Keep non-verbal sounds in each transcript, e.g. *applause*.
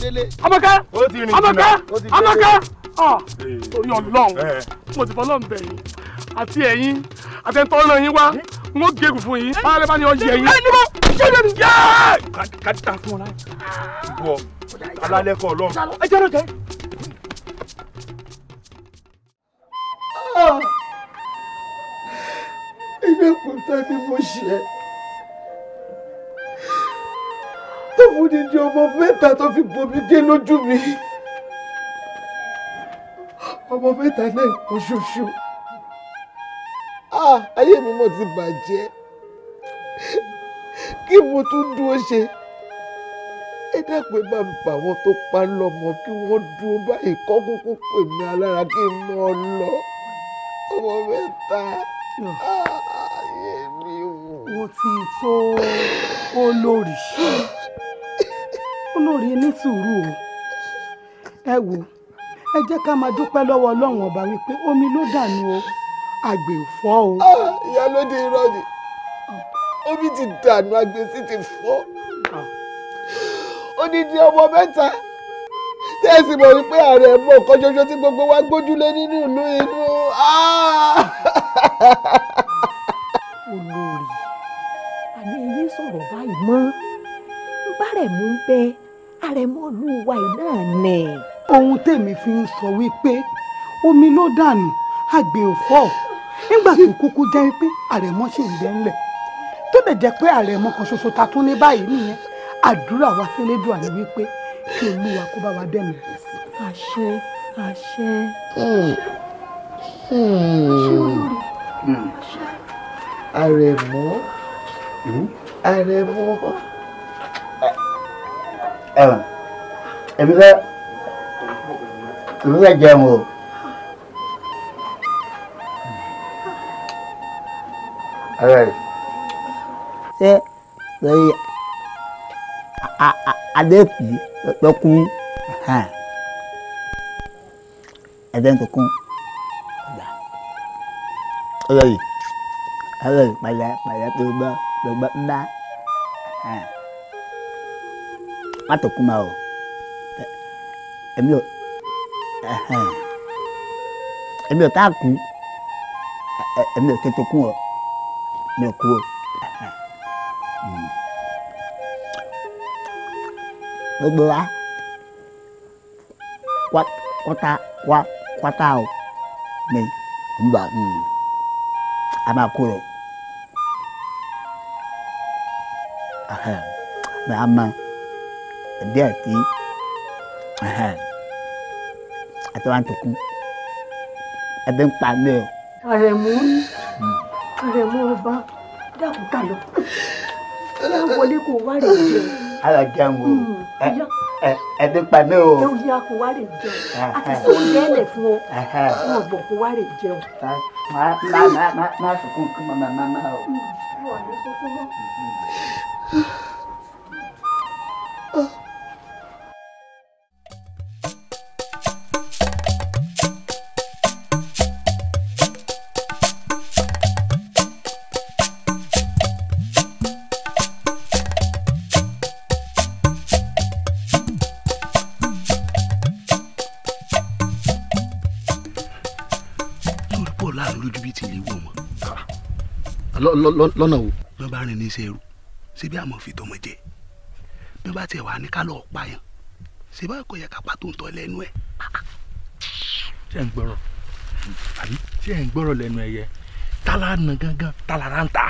délé. Amaka Amaka Amaka ah! orí Ọlọ́run mo ti fọlọ́run bẹ̀ yín àti ẹ̀yin àtẹ̀ntọ́ ọ̀nà yín wá n ó gégùn fún yín alẹ́ bá ní ọ yẹ yín. ẹ níbo jẹ́jẹ́ ni. kàdíkà fún ọ náà. bọ alálẹ́ kọ Ọlọ́run. ẹ jẹ́ ló jẹ́. ìdẹ́kùn tán ni mo ṣe. tó fúdi di ọmọ mẹ́ta tó fi bomi dé lójú mi ọmọ mẹ́ta náà oṣooṣù ah, ayé mi mo ti bàjẹ́ kí mo tún dúró ṣe ẹ dápẹ́ bá ń bà wọ́n tó pa lọ́mọ kí wọ́n dúró báyìí kọ́ kúkú pè mí alára kí n mọ́ ọ lọ ọmọ mẹ́ta ah, ayé mi wò. ó ti tó olórí olórí ní sùúrù o ẹ wò ẹ jẹ́ ká máa dúpẹ́ lọ́wọ́ ọlọ́run ọba wípé omi ló dànù o àgbè ò fọ́ o. Ah, ìyá ló dé irọ́ ni omi ti dànù àgbè sì ti fọ́ ah. odidi ọmọ mẹ́ta tẹ́sí mọ̀ wípé ààrẹ mọ̀ ọ̀kan ṣoṣo tí gbogbo wa gbójúlé nínú ìlú inú. Ah. olórí àmì èyí sọ̀rọ̀ báyìí mọ́ bárẹ̀mú ń bẹ àrẹ̀mọ́lúwa náà nẹ̀. ohun tèmi fi ń sọ wípé omi ló dànù àgbè òfò nígbà tó kúkú jẹ́ pé àrẹ̀mọ́ ṣì ń bẹ ńlẹ̀ tó lè jẹ́ pé àrẹ̀mọ́ kan ṣoṣo ta tún ní báyìí nìyẹn àdúrà wa fẹ́lẹ́dùn àní wípé kí olúwa kó bá wa dẹ̀mí rẹ̀ sí. àṣẹ àṣẹ. Hmm. àrẹ̀mọ́ hmm. àrẹ̀mọ́. Hmm? thế à à à ewe ebika ebika jangu alright ṣe lórí adéèkú lọkùn rồi, nkankan ọ̀dà ọlọ́yìn ọlọ́yìn padà padà tó gbọ́ gbọ́ gbọ́ mbá má tục màu em được à, em được ta cũng em được tiếp tục cua được cua được bữa quá quá ta quá quá tao mình cũng bảo ừ. à mà cua rồi à hả mà mà ɛdeɛ ati ati wa ntoku ɛbi nkpa ne. àrẹ̀mú hmm. àrẹ̀mú ọba dákun ká lọ ẹ wọlé kó wá rè jẹ. ala jẹun o hmm, ẹ ẹbi nkpa ne o. ẹ wọlé kó wá rè jẹ àti sọ lẹ́lẹ̀ fún ọ fún ọ̀bọ̀ kó wá rè jẹ o. má má má má sọkún kí màmá má má o. Hmm, lọ́nà wo. bí wọ́n bá rìn ní iṣẹ́ ẹrú síbi àmọ́ fi tọmọ jẹ bí wọ́n bá tiẹ̀ wà ní kálọ̀ ọ̀páyàn síbi àkọ́ yẹ kápá tó ń tọ́ lẹ́nu ẹ̀. ṣé ẹ̀ ń gbọ́rọ̀ àbí ṣé ẹ̀ ń gbọ́rọ̀ lẹ́nu ẹ̀yẹ tálá nà gángan tálá rà ń ta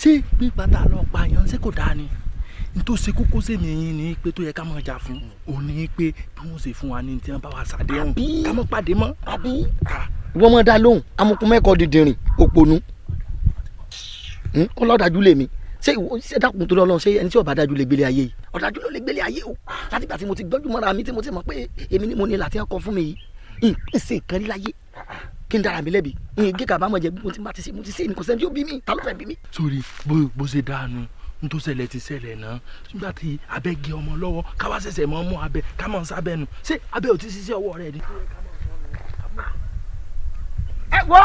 ṣé pípa tá a lọ pààyàn ṣé kò dáa ni tó ṣe kókó sèmi yín ni pé tó yẹ ká máa jà fún òun ni pé bí wọ́n ṣe fún wa ní tí wọ́n bá wa ṣàdéhùn ká mọ́ pàdé mọ́. àbí ah wọ́n mọ̀ dá lóhùn amukun mẹ́kọ̀ dìndìnrìn òpònú ọlọ́dàjú hmm, lèmi ṣé ṣé dákun torí ọlọ́run ṣé ẹni tí ọ̀bàdájú lè gbélé ayé yìí ọ̀dájú ló lè gbélé ayé o láti gbà tí mo ti gbọ́jú mọ́ra mi tí mo ti mọ̀ pé èmi ni mo ní làtí ọkọ̀ fún mi yìí ìpèsè nǹkan rí láyé kí n dára mi lẹ́bi ìyẹn gé kàbá mọ̀ jẹ́ bí mo ti bá ti ṣe mo ti ṣe nìkan sẹ́ni tí ó bí mi ta ló fẹ́ bí mi. sori bó bó ṣe dáanu n tó ṣẹlẹ̀ ti ṣẹlẹ̀ náà nígbà tí abẹ́ gé ọmọ lọ́wọ́ káwá ṣẹ̀ṣẹ̀ mọ́ mú abẹ ká mọ̀ ń sábẹ́nu ṣé abẹ́ ò ti ṣiṣẹ́ ọwọ́ rẹ ni wọ́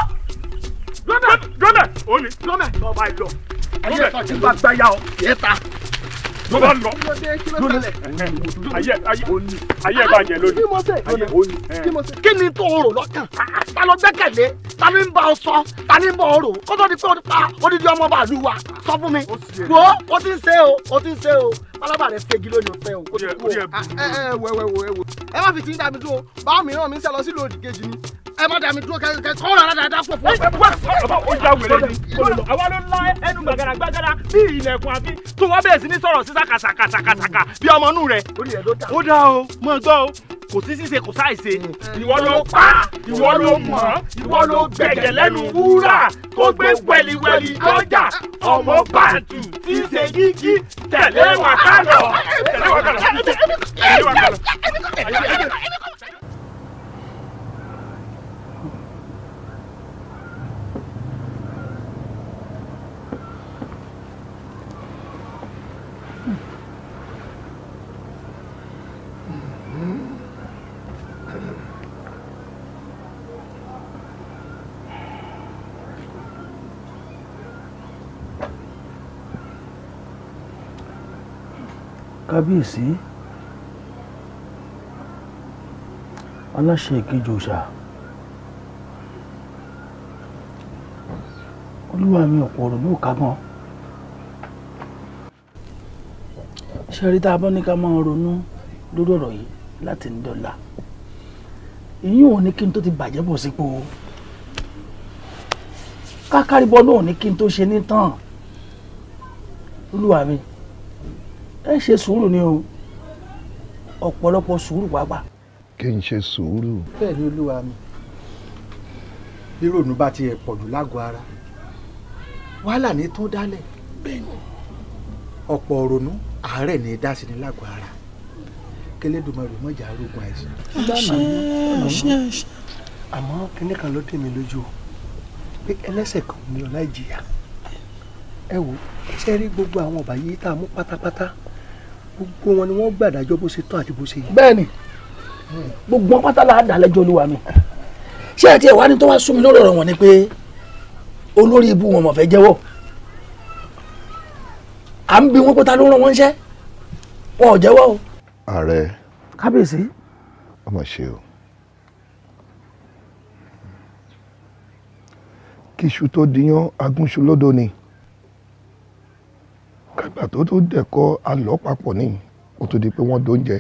dọ́nà dọ́nà ó ní dọ́nà tó bá lọ dọ́nà tí bá gbáyà ọ yẹ ta dọ́nà lọ dọ́nà ayé ayé ayé bá jẹ lónìí ayé òní. kí ni tó o rò lọ́kàn ta ló gbẹ́kẹ̀lé ta ni ń bá ọ sọ ta ni ń bá ọ rò kó tó di pé o ti pa odidi ọmọ bàálù wa sọ fún mi wo o ti ń ṣe o o ti ń ṣe o pálábà rẹ ṣe gílò ní ọ̀fẹ́ o. ẹ ẹ wẹ wẹ wẹ wẹ ẹ má fi ti ń dàbí tó o báwo mìíràn mi ń ṣe lọ sí lòdì kejì ni ẹ má dàmí dúró kẹ sọ̀rọ̀ rárá dáadáa pọ̀ pọ̀. bàbá o ja wèrè ni àwa ló la ẹnu gbàgàdà gbàgàdà bí ilẹ̀kùn àbí tó wọ́n bẹ̀rẹ̀ sí ní sọ̀rọ̀ sí sàkàsàkàsàkà bí ọmọ inú rẹ̀ ó dá o mọ̀ gbọ́ o kò sí ṣíṣe kò sáì ṣe ìwọ ló pa ìwọ ló mọ̀ ìwọ ló gbẹ̀gẹ̀ lẹ́nu wúrà kó gbé wẹ̀lìwẹ̀lì lọ́jà ọmọ pàǹtù tí ń ṣe gígí tẹ̀lé wàkàlọ̀ kábíyèsí aláṣẹ ìkejì òòṣà olúwa mi ọ̀pọ̀ ọ̀rọ̀ ló kágbọ́n ṣe rí tá a bọ́ ní ká máa ronú lórí ọ̀rọ̀ yìí láti ní dọ́là ìyún ò ní kí n tó ti bàjẹ́ bọ̀ sípò kákàríbọ́ náà ò ní kí n tó ṣe ní tán olúwa mi ẹ ṣe sùúrù ni o ọ̀pọ̀lọpọ̀ sùúrù pàápàá. kí n ṣe sùúrù. bẹ́ẹ̀ ni olúwa mi bí rònú bá tiẹ̀ pọ̀ jù lágọ̀ ara wàhálà ní tó dálẹ̀ bẹ́ẹ̀ ni ọ̀pọ̀ rònú àárẹ̀ ní dá sí ní lágọ̀ ara kẹlẹ́dùmarè mọ̀jà arógun àìsàn. àmọ́ kinní kan ló dé mi lójú o pé ẹlẹ́sẹ̀ kan ni ọ̀la ìjìyà ẹ wo ṣe rí gbogbo àwọn ọ̀bà yìí tá a mú pátápátá gbogbo wọn ni wọ́n gbàdájọ́ bó ṣe tán àti bó ṣe yẹ. bẹ́ẹ̀ni gbogbo wọn pátá la dà lẹ́jọ́ olúwa mi ṣé àti ẹwà ni tó wá sún mi lórí ọ̀rọ̀ wọn ni pé olórí ibú wọn mọ̀ fẹ́ jẹ́wọ́ à ń bi wọn pé ta ló rán wọn ṣẹ́ wọn ò jẹ́wọ́ o. ààrẹ kábíyèsí. ó ṣe o kíṣu tó diyán agúnṣu lódò ni àgbà tó tó dẹ̀kọ́ alọ́ papọ̀ ní kó tó di pé wọ́n dóúnjẹ.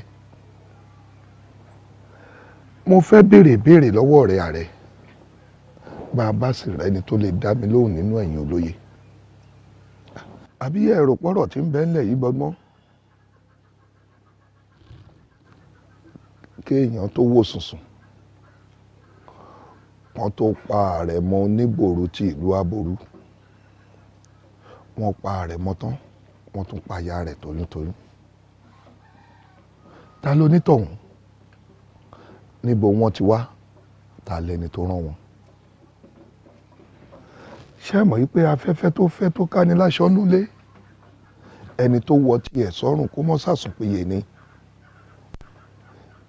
mo fẹ́ béèrè béèrè lọ́wọ́ rẹ̀ ààrẹ bá a bá sì rẹni tó lè dá mi lóhùn nínú ẹ̀yin olóye. àbí ẹ̀rọ pọ̀rọ̀ tí ń bẹ ńlẹ̀ yìí gbọ́gbọ́n. kéèyàn tó wò sùnsùn wọ́n tó pa ààrẹ mọ́ onígbòro ti ìlú aboru wọ́n pa ààrẹ mọ́ tán wọ́n tún pa ìyá rẹ̀ tolútolú ta ló nítọ̀hún níbo wọ́n ti wá ta lẹni tó rán wọn ṣé mọ̀ wípé afẹ́fẹ́ tó fẹ́ tó ká ní láṣọ núlé ẹni tó wọ tiẹ̀ sọ́rùn kó mọ́ sàsùn péye ni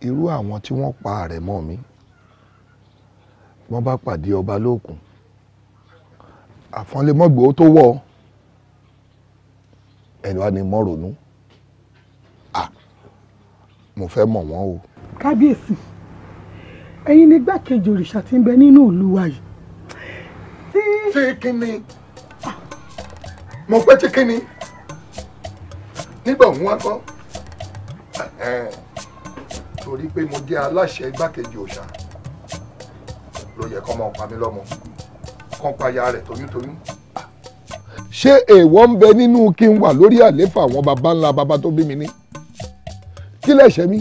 irú àwọn tí wọ́n pa rẹ̀ mọ́ mi wọ́n bá pàdé ọba lóòkùn àfọ́nlẹ́mọ́gbòó tó wọ̀ ọ́ ẹni wá ní mọ́rònú à mo fẹ́ mọ̀ wọ́n o. kábíyèsí ẹ̀yin ni gbàkejì òrìṣà tí ń bẹ nínú ìlú wa yìí. tí. ṣé kí ni mo fẹ́ ṣe kí ni nígbà òun wá kọ́ torí pé mo jẹ́ aláṣẹ igbákejì òòṣà ló yẹ kọ́ mọ́ pa mí lọ́mọ kọ́ pa ya rẹ̀ toyúntoyún ṣé èèwọ̀ ń bẹ nínú kí n wà lórí àléfà àwọn baba ńlá baba tó bí mi ní kí lẹ̀ṣẹ̀ mi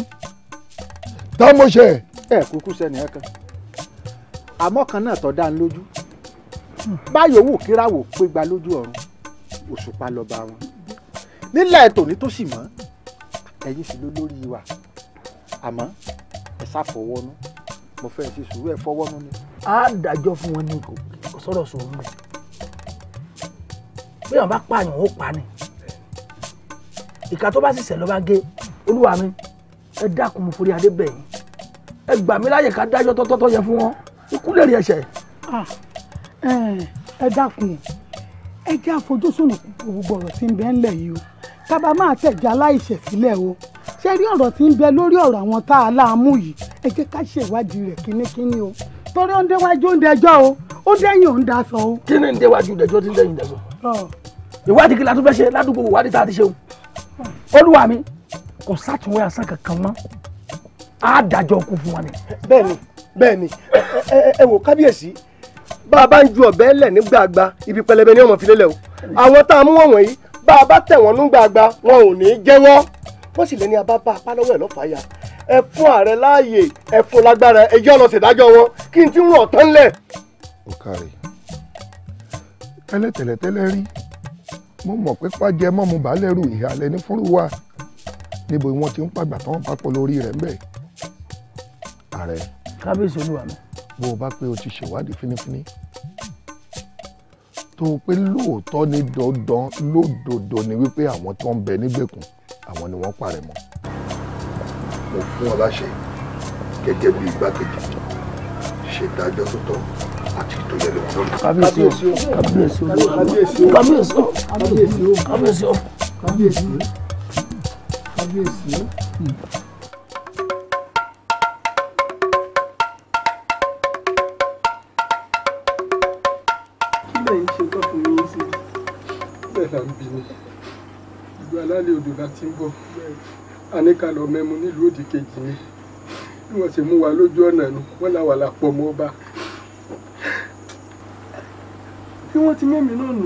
tá mo ṣe. ẹ kúkú sẹ́ni ẹ kan àmọ́ kan náà tọ́ dá ń lójú báyọ̀ wò kíráwò pé gba lójú ọ̀run òṣùpá lọ́ba wọn nílẹ̀ tòní tó sì mọ́ ẹ̀yin sì ló lórí wa àmọ́ ẹ ṣàfọwọ́nú mo fẹ́ ṣe sùúrù ẹ fọwọ́nú ni. á dájọ́ fún wọn ní kò sọ̀rọ̀ sọ̀rọ̀ rẹ̀ bí wọn bá pààyàn ó pa ni ìka tó bá sì ṣẹ̀ ló bá gé olúwa mi ẹ dákun mo forí adé bẹ̀ yín ẹ gbà mí láyè ká dájọ́ tọ́tọ́tọ́ yẹ fún wọn ikú lè rí ẹ̀ṣẹ̀. ẹ dákun ẹ jẹ́ àfojúsùn gbogbo ọ̀rọ̀ tí ń bẹ ńlẹ̀ yìí o tábà máa tẹ̀jà láìṣẹ̀ sílẹ̀ o ṣé rí ọ̀rọ̀ tí ń bẹ lórí ọ̀rọ̀ àwọn tá a láàmú yìí ẹ jẹ́ ká ṣèwádìí rẹ̀ kínníkínní o torí ó ń déwájú ó ń dẹjọ́ o ó dẹ́yìn ó ń daṣọ o. kí ni ń déwájú dẹjọ́ tí ń dẹ́yìn daṣọ ìwádìí kí la tún fẹ́ ṣe ládùúgbò ìwádìí tá a ti ṣe o olúwa mi kò sátúnwé asán kankan mọ́ á dájọ́ kú fún wọn ni. bẹ́ẹ̀ni bẹ́ẹ̀ni ẹ wò kábíyèsí bá a bá ń ju ọ̀bẹ lẹ̀ ní gbàgbà ibi pẹlẹbẹ ni ọmọ fi lélẹ̀ o àwọn tá a mú wọn wọ̀nyí bá a bá tẹ̀ wọ́n ní gbàgbà wọn ò ní jẹ́wọ́ wọ́n sì lẹ́ni abá bá apá lọ́wọ́ ẹ̀ lọ́fàá ya ẹ fún ààrẹ láàyè ẹ fún lágbára ẹ yọ lọ ṣèdájọ́ wọn kí n ti rún ọ̀tán lẹ̀. ó kárí tẹ́lẹ̀tẹ́lẹ̀ rí mo mọ̀ pé pàjẹ́ mọ́ mo bá lẹ́rù ìhàlẹ̀ ní fúnrú wa níbo wọn ti ń pàgbà tán papọ̀ lórí rẹ̀ ńbẹ̀. ààrẹ. kábíyèsí olúwa mi. bó o bá pé o ti ṣèwádìí fínífíní tó o pé lóòótọ́ ní dandan lódodo ni wípé àwọn tó ń bẹ nígbèkùn àwọn ni wọ́n parẹ́ mọ́. mo fún ọ láṣẹ gẹ́gẹ́ bí igbákejì ṣèdájọ́ tó tọ́ kábíyèsí o kábíyèsí o kábíyèsí o kábíyèsí o kábíyèsí o kábíyèsí o kábíyèsí o kábíyèsí o. alálẹ̀ odò láti ń bọ̀ àníkàlọ́ mẹ́mu nílùú òdìkejì ni bí wọ́n ṣe mú wa lójú ọ̀nà ni wọ́n là wà lápọ̀ mọ́ ọba bí wọ́n ti mẹ́mí náà nù.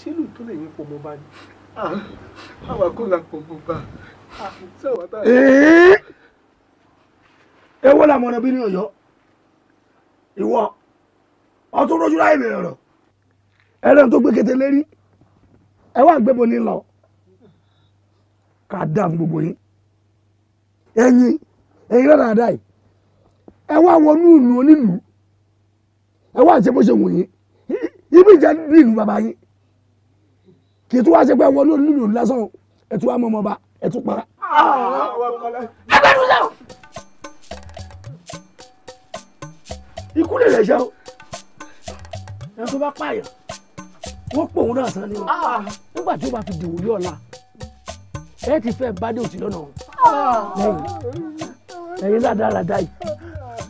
ṣé lóòótọ́ lẹ́yìn pọ̀ mọ́ bá ní. àwa kò la pọ̀ mọ́ bá ewo la mọ̀nà bí ní ọ̀yọ́ ìwọ ọtún rojú láì bẹ̀rẹ̀ ọ̀rọ̀ ẹlẹ́ni tó gbé kété lérí ẹ wá ń gbébo ní lọ ká dá fún gbogbo yín ẹ̀yin ẹ̀yin rẹ̀ dáadáa yìí ẹ wá wọnú ìlú onílùú ẹ wá ṣe bó ṣe wù yín ibi ìjà bí ìlú bàbá yín kì í tún wá ṣe pé wọnú olúlù lásán ẹ tún wá mọ ọmọọba ẹ tún para. agbẹnusọ ikú lè lè ṣe o ẹ tó bá pààyàn wọ́n pòun náà tán ni o nígbà tí ó bá fi dìwò ní ọ̀la ẹ ti fẹ́ bá dé òtí lọ́nà o lẹ́yìn lẹ́yìn ládàá ládàá yìí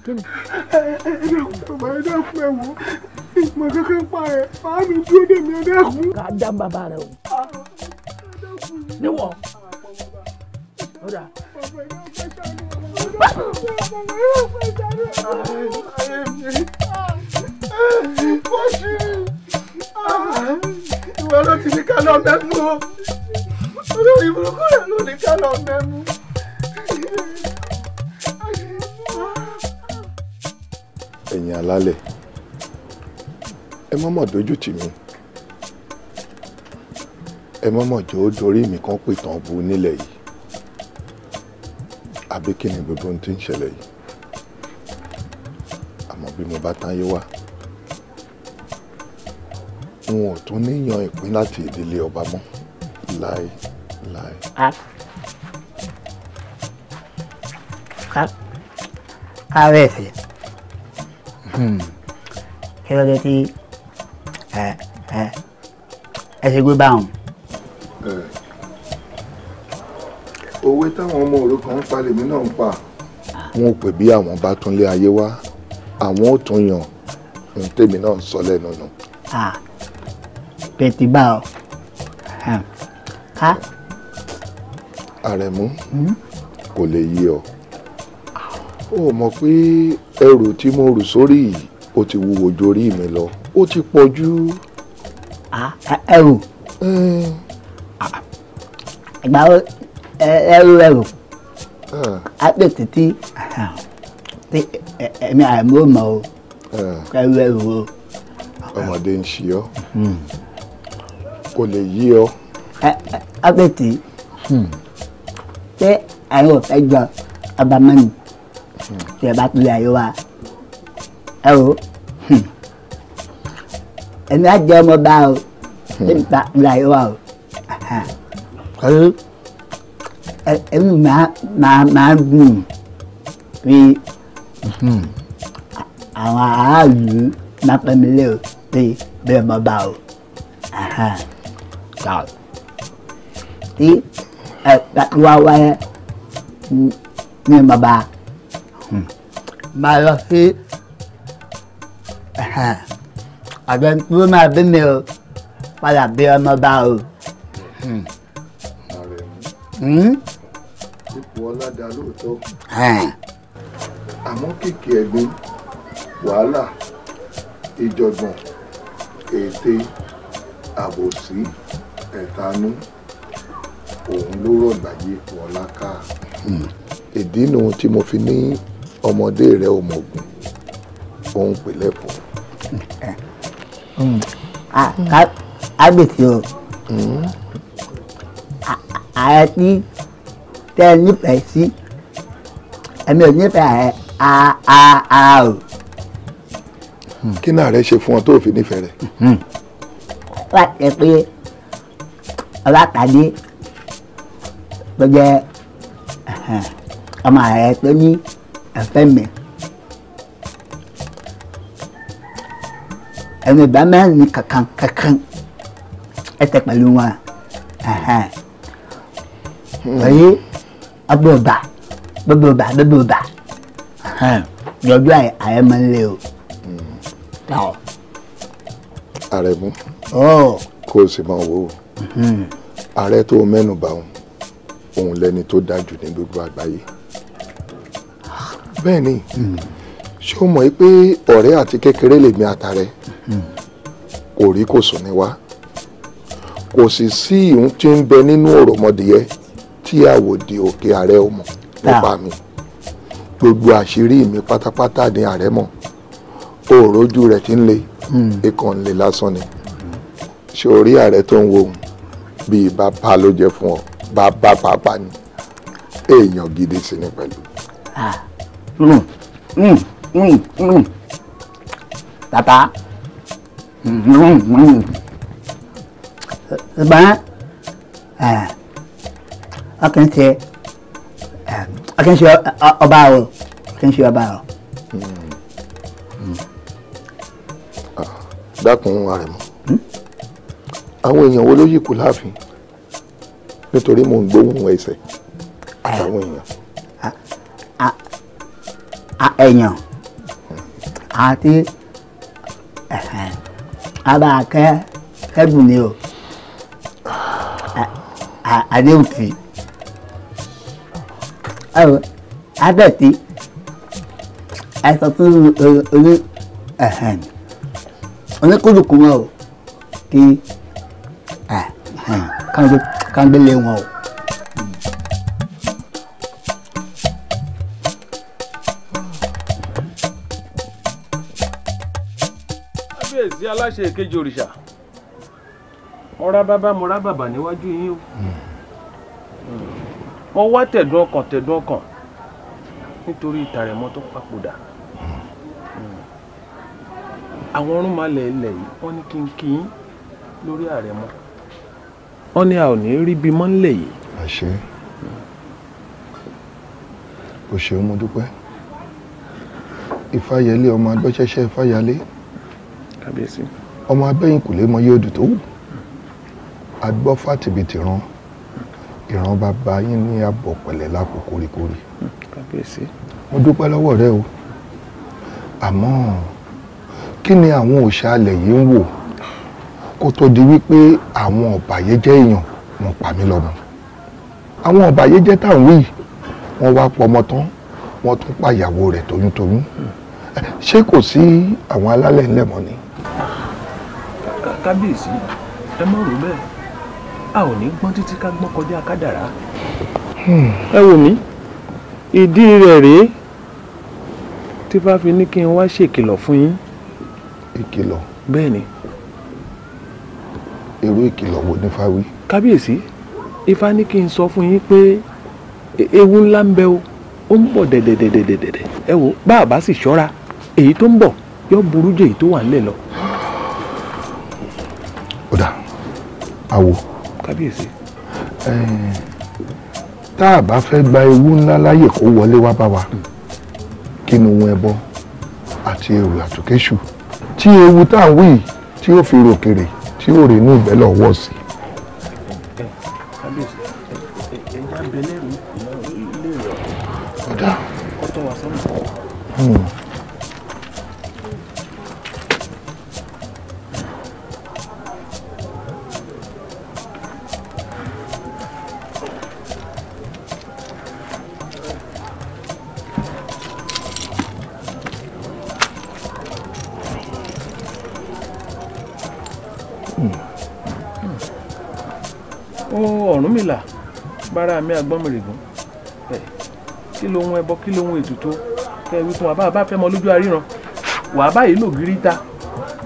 kíni. ẹ dákun bàbá ẹ dákun ẹ wò ìmọ̀ kankan pa ẹ̀ máa mi dúró dè mí ẹ dákun. ká dá bàbá rẹ o níwọ̀ ọ̀dà. wọ́n ṣì ìwọ ló ti ní ká lọ mẹ́mú o olórí burúkú rẹ̀ ló ní ká lọ mẹ́mú. ẹ̀yin alálẹ̀ ẹ mọ́mọ́ dojú tì mí ẹ mọ́mọ́ jọ ó dorí mi kan pè tán bu nílẹ̀ yìí àbí kí ni gbogbo ohun tí ń ṣẹlẹ̀ yìí àmọ́ bí mo bá táyé wá n ò tún níyan ìpín láti ìdílé ọba mọ́ láé láé. ààrẹ ẹ̀fẹ̀. Hmm. kí ló dé tí ẹ ẹ ẹ ṣe gbé báwọn. òwe táwọn ọmọ òrukàn ń pa lèmi náà ń pa. wọn ò pè bí àwọn bá tún lé ayé wá àwọn ò tún yàn ohun tèmi náà sọ lẹ́nu nù. pẹ̀tì bá ọ ká. àrẹ̀mú hmm? kò lè yí ọ ó mọ̀ pé ẹrù tí mo rù sórí yìí ó ti wúwo ju orí mi lọ ó ti pọ̀ jù. ẹrù ìgbà wo ẹrù ẹrù àpètè tí ẹ̀mí àìmọ́ mọ́ o ẹrù ẹrù o. ọmọdé ń ṣe ọ hmm. kò lè yí ọ. àpètè hmm. ṣé àwọn fẹ́ gbọ́ abamẹ́nu tí ẹ bá pilẹ̀ ayé wa ẹ o ẹ̀mí hmm. á jẹ́ ọmọ hmm. bá o tí mi bá pilẹ̀ ayé wa o ẹ̀mí máa máa máa gùn rí hmm. àwọn aráàlú máa pẹ́ mi lé o tí bẹ́ẹ̀ mọ́ o tí ẹ bá wá wáyé ní ọmọ máa lọ sí àjọ tó máa bí mi o padà bí ọmọ bá o. Hmm. Hmm? ipò ọládàá lóòótọ́ àmọ́ kìkì ẹ̀gbin wàhálà ìjọ̀gbọ̀n ète àbòsí ẹ̀tanú òun ló rọ̀ gbàyè ipò ọlá ká. Hmm. ìdí nu tí mo fi ní ọmọdé rẹ ò mọ̀gùn òun pè lẹ́pọ̀. kábíyèsí o ààrẹ tí tẹ́ ẹ nífẹ̀ẹ́ sí ẹ̀mí ò nífẹ̀ẹ́ ara o. kí náà rẹ ṣe fún ọ tó fi nífẹ̀ẹ́ rẹ. láti ẹ pé ọlátàdé tó jẹ́ ọmọ ààrẹ tó ní aƒeme ɛmɛ ba mɛ ni kankan kankan ɛtɛ pẹ̀lú wa ɔye ɔbɛ ɔba bɛbɛ ɔba bɛbɛ ɔba yɔdu ayɛmɛ lɛ o tɔ. Àrẹ̀mú kó o sì máa wò ó ààrẹ tó mẹ́nu bá òun òun lẹni tó dájú ní gbogbo àgbáyé bẹ́ẹ̀ ni ṣé o mọ̀ pé ọ̀rẹ́ àti kékeré lèmi àtàrẹ kò rí kò sùn ní wá kò sì sí ìhun tí ń bẹ nínú òròmọdìyẹ tí àwòdì òkè ààrẹ ò nípa mi gbogbo àṣírí mi pátápátá ni ààrẹ mọ̀ òòrójú rẹ̀ ti ń le ikàn ń le lásán ni ṣé orí ààrẹ tó ń wo òun bíi bàbá ló jẹ́ fún ọ bàbá pàápàá ni èèyàn gidi sí ni pẹ̀lú. Ah. Mm, mm, mm, tata ṣùgbọ́n ọkàn ṣe ọkàn ṣe ọba o ọkàn ṣe ọba o. dákun àrẹ̀mọ hmm? àwọn èèyàn wo ló yìí kú láàfin nítorí mò ń gbóhùn ẹsẹ̀ àtàwọn èèyàn ẹ̀yàn àti ara akẹ́ kẹ́dùn ni o àdéhùn tì adẹ̀tí ẹ̀sọ́ tó ní oníkúlùkù wọn o kí kángbélé wọn o. aláṣẹ èkejì òrìṣà ọ̀rá bàbá mo rá bàbá níwájú yín o hmm. mo wá tẹ̀dùn ọkàn tẹ̀dùn ọkàn nítorí ìtàrẹ̀mọ́ tó papòdà hmm. àwọn ọ̀rúnmalẹ̀ ilẹ̀ yìí wọ́n ní kí n kí yín lórí àrẹ̀mọ́ wọ́n ní a ò ní rí bímọ ńlẹ̀ yìí. àṣẹ o ṣeun mo dúpẹ́ ìfàyẹlé ọmọ agbọ́sẹ́sẹ́ ìfàyẹlé kábíyèsí. ọmọ abẹ́yìn kò lè mọ iye odò tó wù agbọ́fà tìbìtì ran ìran bàbá yín ní abọ̀ pẹ̀lẹ́ lápò kórikórì. kábíyèsí. mo dúpẹ́ lọ́wọ́ rẹ o àmọ́ kí ni àwọn òòṣà alẹ̀ yìí ń wò kó tó di wípé àwọn ọ̀bàyéjẹ́ èèyàn wọn pa mí lọ́mọ àwọn ọ̀bàyéjẹ́ táwọn wí wọn wá pọmọ tán wọn tún pàyàwó rẹ̀ toyúntoyún ṣé kò sí àwọn alálẹ̀ ńlẹ̀ mọ́ ni kábíyèsí ẹ má rò bẹ́ẹ̀ a ò ní gbọ́n títí ká gbọ́n kọjá kádàrá. Hmm. ẹ wò mí ìdí rẹ̀ rèé tí bá fi ní kí n wá ṣèkìlọ̀ fún yín. ìkìlọ̀. bẹ́ẹ̀ ni. irú ìkìlọ̀ wo ni fáwí. kábíyèsí ifá ní kí n sọ fún yín pé e, ewu ńlá ń bẹ o ó ń bọ̀ dẹ̀dẹ̀dẹ̀dẹ̀dẹ̀ ẹ wo bá a bá sì ṣọ́ra èyí tó ń bọ̀ yóò burú jù èyí tó wà ńlẹ̀ lọ. àwò. kábíyèsí. tá a bá fẹ́ gba ewu ńlá láyè kó wọlé wá bá wa kí ni ohun ẹbọ àti èrò àtòkéṣù tí ewu tá à ń wí tí ó fi ròkèrè tí ó rè ní ìbẹ́lẹ̀ ọwọ́ sí gbọ́ kí lóhun ètùtù kẹ́ ẹ wí fún wa bá a bá fẹ́ mọ lójú àríran wàá báyìí lò gírí ta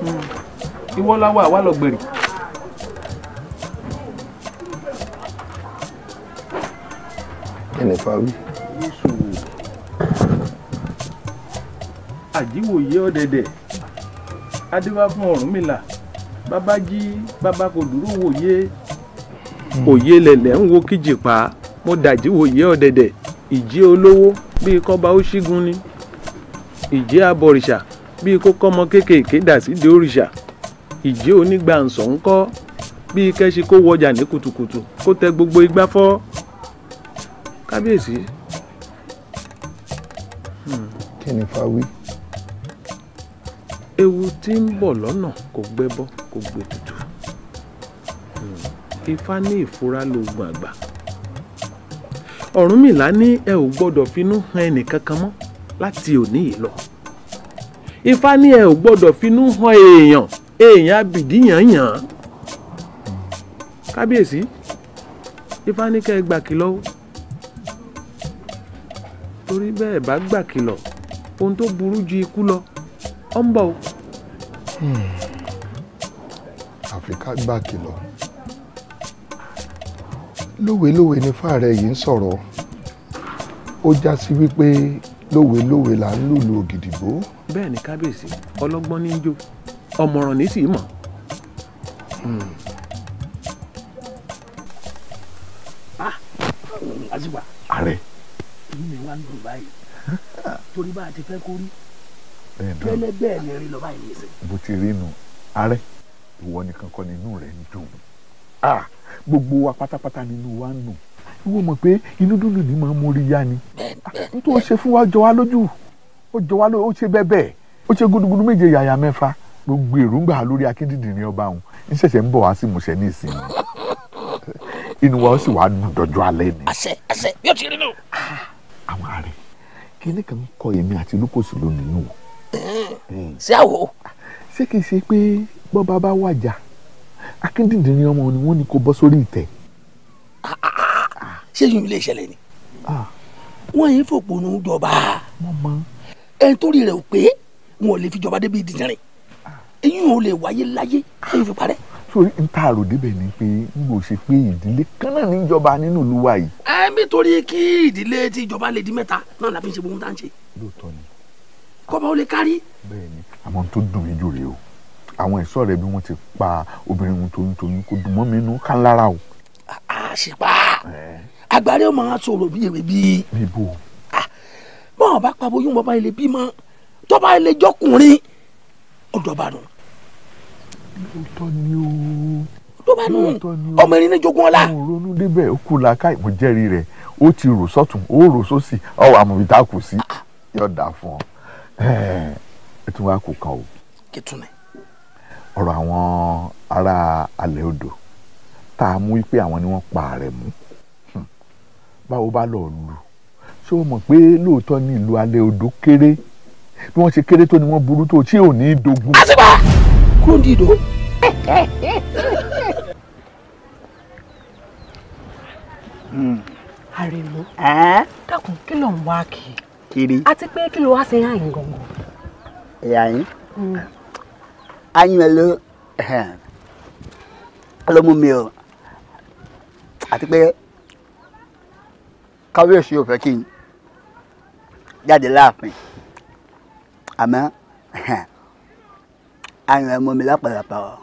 hmm. ìwọ láwọ àwa lọ gbèrè. ẹnì parí. àjíwòye ọ̀dẹ̀dẹ̀ adéwà fún Ọ̀rúnmìlà bàbá jí bàbá kò dúró wòye. Hmm. òye lẹ̀lẹ̀ ń wo kíjì pa mo dàjí wòye ọ̀dẹ̀dẹ̀ ìjí olówó bíi kọ́ba ó ṣígun ni ìjẹ́ abọ̀rìṣà bíi kó kọ́mọ kéékèèké dà sí di òrìṣà ìjẹ́ onígbàǹsọ̀ ń kọ́ bíi kẹ́sì kó wọjà ní kùtùkùtù kó tẹ gbogbo igbá fọ́ kábíyèsí. Hmm. kí ni fa wí. ewu tí ń bọ̀ lọ́nà kò gbẹ́bọ́ kò gbẹ́tùtù hmm. ifá ní ìfura lóògùn àgbà ọ̀rúnmìlà ní ẹ ò gbọ́dọ̀ finú han ẹnìkankan mọ́ láti òní yìí lọ ifá ní ẹ ò gbọ́dọ̀ finú han èèyàn èèyàn abìdíyànyàn kábíyèsí ifá ní kẹ́ ẹ gbà kìlọ̀ o torí bẹ́ẹ̀ bá gbà kìlọ̀ ohun tó burú ju ikú lọ ọ ń bọ̀ o. Hmm. àfi ká gbà kìlọ̀ lówelówe ni fáàrẹ yìí ń sọ̀rọ̀ ó já sí wípé lówelówe là ń lùlù ògìdìgbò. bẹ́ẹ̀ ni kábíyèsí ọlọ́gbọ́n ní í jó ọ̀mọ̀ràn ní sì mọ̀. àzìgbà èyí ni wàá ń lò báyìí *laughs* torí bá a ti fẹ́ kó rí tẹ́lẹ̀ bẹ́ẹ̀ ni rí lọ báyìí nìyẹn. ti rí nu ààrẹ ìwọ nìkan kọ́ ni inú rẹ̀ ń dùn. Ah! gbogbo wa pátápátá nínú wa ń nù wọ́n mọ̀ pé inú dúdú ni màá mórí yá ni nítorí ó ṣe fún wa jọ wá lójú ó jọ wá lójú ó ṣe bẹ́ẹ̀ bẹ́ẹ̀ ó ṣe gúdúgúdú méje yàyà mẹ́fà gbogbo èròǹgbà lórí akíndìndìrín ọba òun ń ṣẹ̀ṣẹ̀ ń bọ̀ wá sí ìmúṣẹ ní ìsinmi inú wa ó sì wá dùn dọjọ́ alẹ́ ni. àṣẹ àṣẹ yóò ti rí nù. àwọn ààrẹ kíní kan kọ èmi àti lukosi lónìí nù. ṣé àwọ̀. ṣé kìí ṣe pé bọ́ba akíndìndín ni ọmọ ni wọ́n ní kó bọ́ sórí ìtẹ́. Ah, ah, ah. ṣé yìí lè ṣẹlẹ̀ ni wọ́n yìí fòpònú jọba ẹni tó rí rẹ̀ ò pé wọn ò lè fi jọba débi ìdìjẹrin èyí ò lè wáyé láyé èyí fi parẹ́. sórí n ta àròdé bẹ̀ ni pé n kò ṣe pé ìdílé kan náà níjọba nínú ìlú wa yìí. ẹ nítorí kí ìdílé tí ìjọba lè di mẹ́ta náà la fi ń ṣe bóun tá à ń ṣe. lóòótọ́ ni. kọ́ba ó lè kárí. bẹ́ẹ̀ ni àmọ́ n tó dùn mí jù rèé o àwọn ẹ̀ṣọ́ rẹ̀ bí wọ́n ti pa obìnrin wọn toyúntoyún kò dùn mọ́ mi nú ká lára o. àṣìpá àgbáre ó máa sọ̀rọ̀ bí èrè bí. níbo. bọ́n bá pa boyún bọ́ba ilé bímọ tọ́ba ilé jọkùnrin ọ̀dọ̀ bá nù. lóòótọ́ ni o. ló bá nù ọmọ erin ní jogún ọlá. mo ronú débẹ̀ ó kú la ká ìmọ̀jẹ́rì rẹ̀ ó ti rò sọ́tún ó rò sósì ọ̀ àmọ̀bí tá a kù sí yọ̀ọ̀dà fún ọ ẹ tún wá kú kan o. kìtùnú ọ̀rọ̀ àwọn ará alẹ́ odò tá a mú wípé àwọn ni wọ́n pa rẹ̀ mú hmm. báwo bá lọ lù ṣé o mọ̀ pé lóòótọ́ ní ìlú alẹ́ odò kéré bí wọ́n ṣe kéré tó ni wọ́n burú tó tí ò ní í dogun. àṣìbà kúrò ní ìdò. Hmm. àrèmọ dákun kí ló ń wá kiri àti pé kí ló wá ṣe yàn yín gangan. ẹ̀yà yín. Hmm anyọ̀ló ló mú mi o àti pé kábíyèsí ò fẹ́ kí n jáde láàfin àmọ́ ayọ̀ ẹ̀ mú mi lápàlàpà o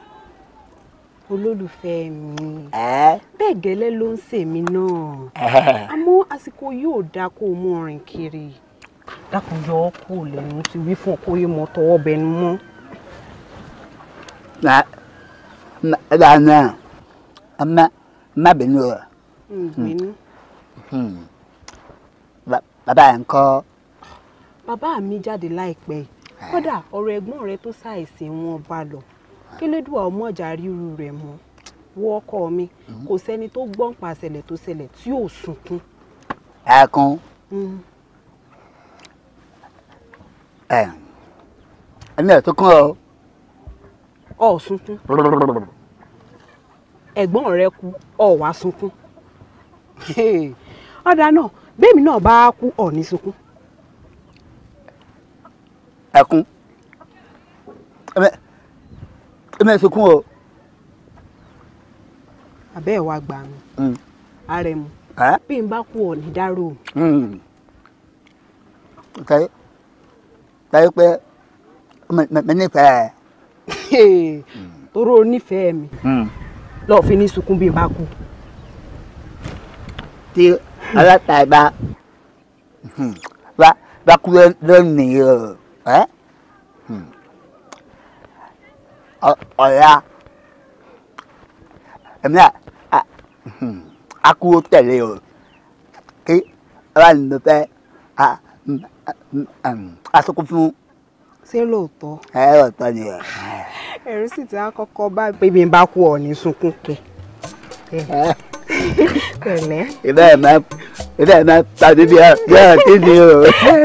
olólùfẹ́ mi eh? bẹ́ẹ̀ gẹ́lẹ́ ló ń sèmi náà eh. àmọ́ àsìkò yóò dáa kó o mú ọrìn kiri dákun yọ ọ́ kúrò lẹ́nu ti wí fún ọ kó yé tọwọ́ bẹnu mọ́ na dana amma amma binu wa binu bàbá ẹ̀ ń kọ́. bàbá mi jáde láìpẹ́ eh. kódà ọ̀rọ̀ ẹ̀gbọ́n rẹ tó ṣàìsí wọn bá lọ kílédùà ọmọ ọjà ríru rẹ̀ mọ́ wọ ọkọ mi hmm. kò sẹ́ni tó gbọ́n pa ṣẹlẹ̀ tó ṣẹlẹ̀ tí ò sunkún. ẹkún ẹ ẹ mi ò tún kún ọ ò sunkún ẹ̀gbọ́n rẹ ku ọ wá sunkún ọ̀dà náà bẹ́ẹ̀mi náà bá kú ọ ní sunkún. ẹkún ẹmẹ sunkún o. àbẹ́ ẹ̀ wá gbà mí hmm. ààrẹ mu bí n bá kú ọ ní dárò. Hmm. táyé táyé pé mẹ nífẹ̀ẹ́. *laughs* toró onífẹ̀ẹ́ mi hmm. lọ́ọ́ fi ní sunkún bí n bá kú. tí aláta ìbá bá kú lónìí hmm. ọ̀la ẹ̀mí akúrò tẹ̀lé o kí ọlá nínú fẹ́ asokun fún ṣé lóòótọ́. ẹ ọ̀tọ́ ni ẹ. ẹ̀rù sì ti á kọ́kọ́ bá pé mi bá kú ọ̀ọ́nì sunkún kẹ. pẹ̀lẹ́. ìdá ẹ̀ máa ìdá ẹ̀ máa ta níbi yàrá tí ni o. ẹ̀sìn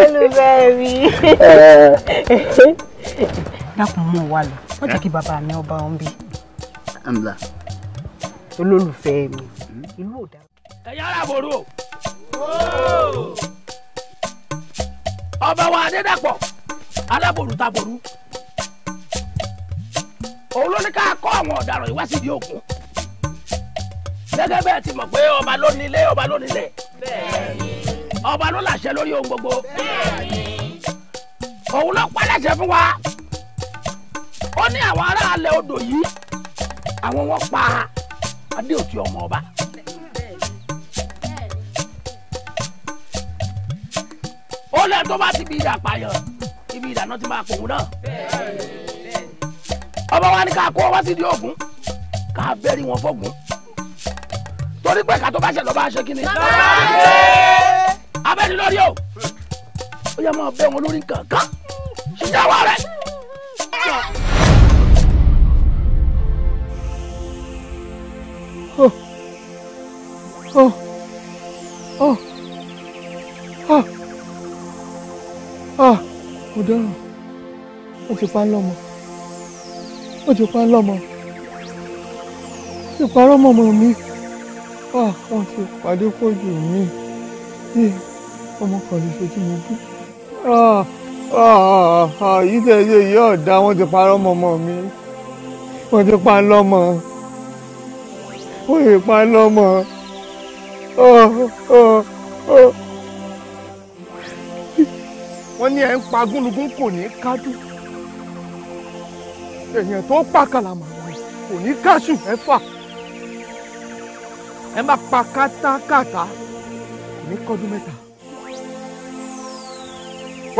olólùfẹ́ mi. dákun mú wa lọ wọ́n jẹ́ kí bàbá mi ọba ọ̀hún bí. olólùfẹ́ mi ìlú ò dára. ẹ̀yà ara àbòrò ọba wa adé aláboru taboru òun ló ní ká kọ́ àwọn ọ̀daràn yìí wá sí ìdí òkun gẹ́gẹ́ bẹ́ẹ̀ ti mọ̀ pé ọba ló nílé ọba ló nílẹ̀ ọba ló làṣẹ lórí ohun gbogbo òun ló pa láṣẹ fún wa ó ní àwọn aráàlẹ̀ odò yìí àwọn wọn pa adéòtí ọmọ ọba. ó lẹ́ẹ̀ tó bá ti bí ìdàpàyàn ibi ìdáná ti máa pòun náà. ọba wa ní ká kó wá sí di ká bẹ́rí wọn fọ́gun torí pé ká bá ṣe lọ́ba ṣe kí ni. abẹ́ni lórí o ó yẹ máa bẹ́ wọn lórí nǹkan ṣíṣe wà rẹ̀. Oh. Oh. Oh. Oh. oh ọ̀daràn ó ti pa lọ́mọ ó ti pa lọ́mọ ó ti parọ́ mọ́mọ mi à ah, wọ́n ti pàdé pọ̀jù mi ní ọmọ kan lè ṣe tí mo bí. Ah, ah, yìí tẹ̀ ṣe yìí ọ̀dà wọ́n ti parọ́ mọ́mọ mi wọ́n ti pa lọ́mọ wọ́n ti pa lọ́mọ. Oh, oh, oh wọ́n ní ẹ̀ ń pa gúnlugún kò ní kájú èèyàn tó pa kàlàmà kò ní káṣù mẹ́fà ẹ má pa kátákátá kò ní kọ́dún mẹ́ta.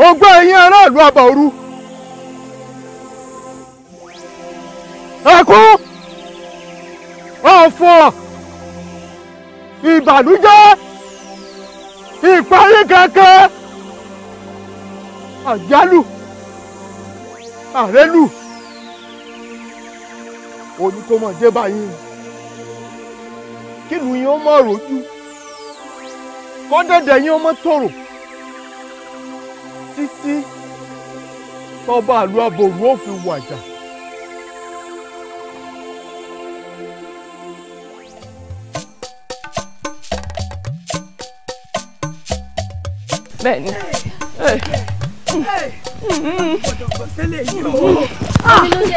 ogbó ẹ̀yin aráàlú àbàoru ẹkú ọ̀fọ̀ ìbànújẹ́ ìparí kankan àjálù àrélù òní kò mọ̀ dé báyìí kílù yín ó mọ̀ rojú kọ́ńdẹ̀dẹ̀ yín ó mọ̀ tòrò títí tọ́ba àlù abòrú ó fi wàjà. bẹ́ẹ̀ni. Hey èmi ló ṣe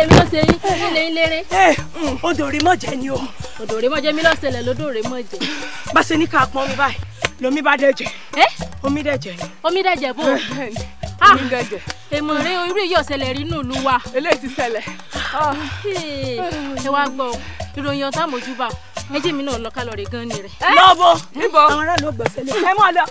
èmi ló ṣe yín nílé yín léré. odòrè mọ̀jẹ̀ ni o. odòrè mọ̀jẹ̀ mi lọ́sẹ̀lẹ̀ lódòrè mọ̀jẹ̀. bá ṣe ní ká pọn mi báyìí lomi bá dẹ̀jẹ̀. omi dẹ̀jẹ̀ ni. omi dẹ̀jẹ̀ bò. omi dẹ̀jẹ̀. Ah, èmọ̀ rẹ irú yìí ọ̀sẹ̀lẹ̀ rí nù lù wa. eléyìí ti ṣẹlẹ̀. Ah. ẹ wá gbọ́ ìròyìn ọ̀tá mojúbà ẹjẹ mi náà lọ kálọ̀rì gan ni rẹ̀. lọ́bọ̀ níbo àwọn aráàlú ọgbọ̀nsẹ̀ lè fẹ́ mọ́ ọ lọ.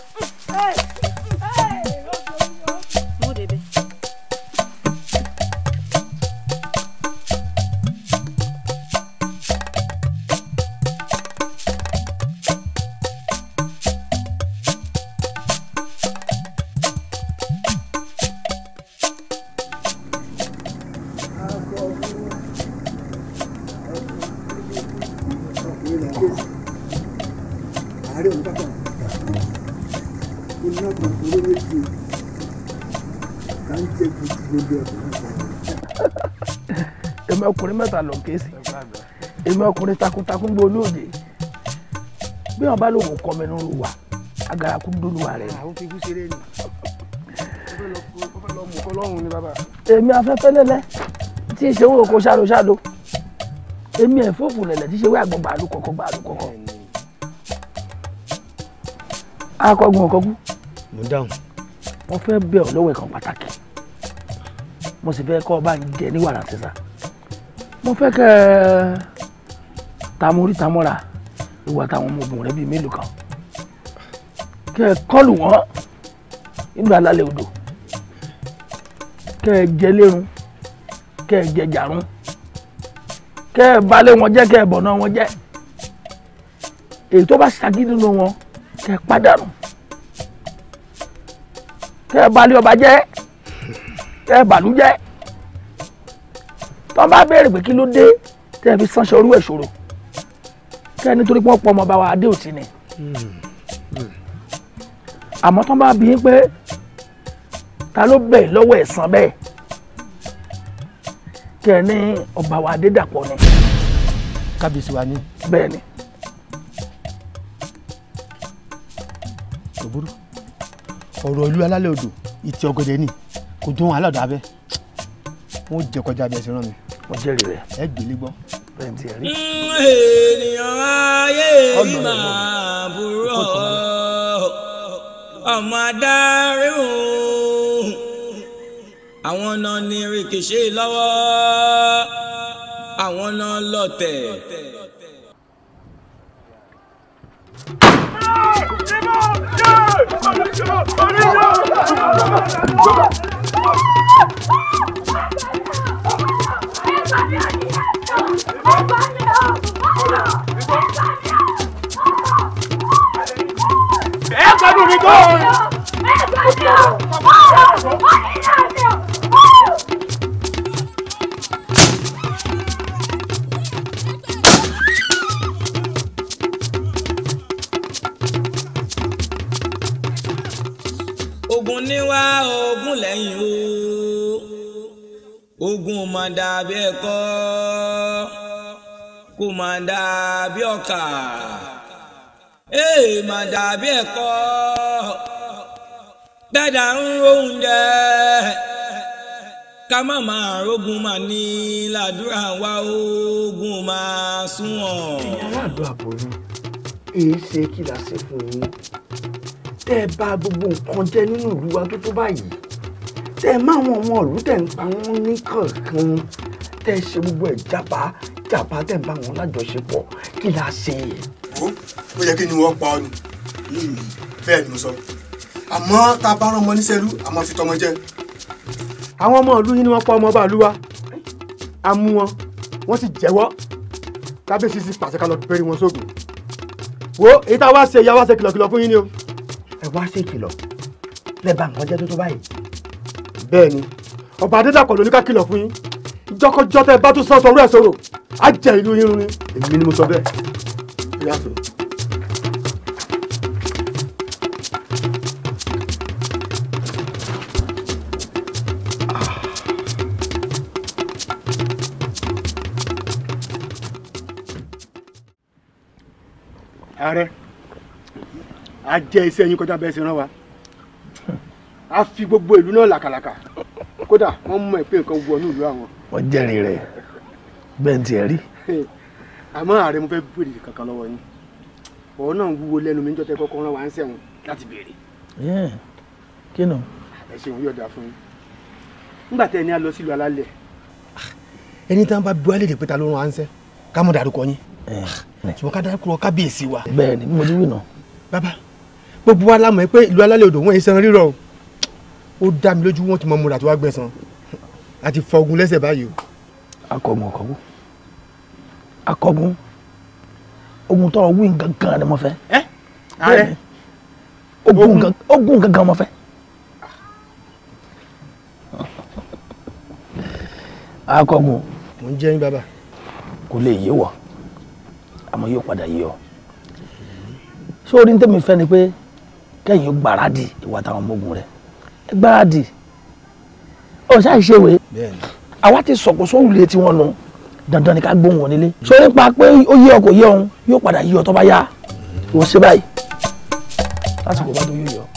ọkùnrin mẹ́ta lọ kéésì èmi ọkùnrin takuntakun gbé olóòjé bí wọn bá lóògùn kọ mẹnu wà agaraku dóluwa rẹ. àwọn fi gúsèré ni èmi afẹ́fẹ́ lẹ́lẹ́ tí ìṣe owó oko ṣáàdó ṣáàdó èmi ẹ̀fọ́fù lẹ̀lẹ̀ tí ìṣe owó àgbọ̀n bàálù kọ̀ọ̀kọ̀ bàálù kọ̀ọ̀kọ̀ akọgun ọ̀kọ́kú. mo dáhùn. mo fẹ́ bẹ̀ ọ́ lọ́wọ́ ẹ̀kan pàtàkì mo sì fẹ́ kọ́ ọ bá ń jẹ ní wàrà sísá mo fẹ́ kẹ́ ẹ tamori tamora ìwà àtàwọn ọmọ ogun rẹ bíi mélòó kan kẹ́ ẹ kọlù wọn nílùú alálẹ̀ odò kẹ́ ẹ jẹ lérun kẹ́ ẹ jẹ jàrún kẹ́ ẹ balẹ̀ wọn jẹ́ kẹ́ ẹ bọ̀nà wọn jẹ́ èyí tó bá ṣàgídí nínú wọn kẹ́ ẹ pàdánù kẹ́ ẹ balẹ̀ ọba jẹ́ kẹ́ ẹ bàlú jẹ́ tó bá béèrè pé kí ló dé tẹ́ ẹ fi sánṣọ orú ẹ̀ ṣòro kẹ́ ẹ nítorí pé ọmọ bá wa adé òtí ni àmọ́ tó bá bí i pé ta ló bẹ̀ lọ́wọ́ ẹ̀sán bẹ́ẹ̀ kẹ́ ẹ ní ọba wa adé dàpọ̀ ni. kábíyèsí wa ni. bẹ́ẹ̀ ni. kò burú ọ̀rọ̀ ìlú alálẹ̀ odò ìtì ọ̀gẹ̀dẹ̀ ni kò dún wàhálà ọ̀dà abẹ́ wọ́n jẹ́ kọjá abẹ́ sí rán mi mo jẹ́rìí rẹ̀. ẹ gbélé gbọ́. bẹ́ẹ̀ ni ẹ rí. ènìyàn ayé rí màá burú ọmọ adarí òun àwọn náà ní rìkìṣe lọ́wọ́ àwọn náà lọ́tẹ̀. Ah! ẹ gbádùn mi tó. ogun ni wá ogun lẹ́yìn o ogun ò máa dà bí ẹ̀kọ́ kò máa dà bí ọkà ee ma dà bí ẹ̀kọ́ ń rohùn jẹ́ ká má máa rógun máa ní ládùúrà wá ogun máa súnwọ̀n. ẹ̀yin aráàlú àbòyún èyí ṣe kí la ṣe fún yín tẹ́ ẹ bá gbogbo nǹkan jẹ́ nínú ìlú wa tó tó báyìí ṣe ẹ má wọn ọmọ ìlú tẹ̀ ń pa wọ́n ní kankan tẹ́ ṣe gbogbo ẹ̀ jábá jábá tẹ̀ ń bá wọn lájọṣepọ̀ kí la ṣe. ó ó yẹ kí ni wọ́n pa ọ́ ni bẹ́ẹ̀ ni mo sọ àmọ́ tá a bá rán ọmọ níṣẹ́lú àmọ́ fi tọmọ jẹ. àwọn ọmọ ìlú yìí ni wọ́n pa ọmọ ọba àlúwa a mú wọn wọ́n sì jẹ́wọ́ kábíyèsí sì pàṣẹ ká lọ bẹ̀rẹ̀ wọn sóògùn wo èyí tá a wá ṣe ìyá wá ṣe kìlọ̀kìlọ̀ fún yín ni o ẹ wá ṣe ìkìlọ̀ lẹ́ẹ̀bà nǹkan jẹ́ tó tó báyìí bẹ́ẹ̀ ni ọba adédàpọ̀ ló ní ká kìlọ̀ fún yín jọkọjọ tẹ bá tún sọ sọ̀rọ̀ ẹ sọ̀rọ̀ á jẹ ìlú yín ni èmi ni mo sọ bẹ́ẹ̀ ìyá sọ. ààrẹ a jẹ iṣẹ́ yín kọjá bẹ́ẹ̀ ṣe rán wa a fi gbogbo ìlú náà làkàlàkà kódà wọ́n mú ẹ pé nǹkan wọnú ìlú àwọn. wọ́n jẹ́rìí rẹ̀ bẹ́ẹ̀ tiẹ̀ rí. àmọ́ ààrẹ mo fẹ́ béèrè kankan lọ́wọ́ yín ọ̀rọ̀ náà ń wúwo lẹ́nu mi níjọ́ tẹ́ kọ́kọ́ rán wa ń sẹ́wọ̀n láti béèrè. kí nù. ẹ ṣeun yóò dáa fún yín nígbà tẹ́ ẹ ní a lọ sílùú alálẹ̀. ẹni tá a bá bí wálé dè pé ta ló rán wa ń sẹ́ ká mọ̀ dárúkọ yín ṣùgbọ́n ká dárúkọ kábíyèsí wa. bẹ́ẹ̀ni mo ti wí nà. bàbá gbogbo wa lámọ̀ ẹ pé ìlú alálẹ̀ odò wọn ì ó dá mi lójú wọn ti mọ múra tó wá gbẹ̀san àti fọgun lẹ́sẹ̀ báyìí o. akọgun ọkọgun akọgun ogun tọrọ wí gangan ni mo fẹ́. ẹ ààrẹ ogun gangan mo fẹ́. akọgun. mo ń jẹ́ yín bàbá. kò lè yé wọ àmọ́ yóò padà yé ọ sórí ní tẹ́mi fẹ́ ni pé kẹ́yìn gbáradì ìwà táwọn ọmọ ogun rẹ̀ gbáradì ọ̀sá ìṣèwé àwa ti sọ̀kò sóhùn lé tiwọn nù dandan ni ká gbóhùn wọn nílé sọ nípa pé ó yé ọ kò yé ọ̀hún yóò padà yí ọ tó bá yá ìwọ ṣe báyìí lásìkò bá tó yóò yọ.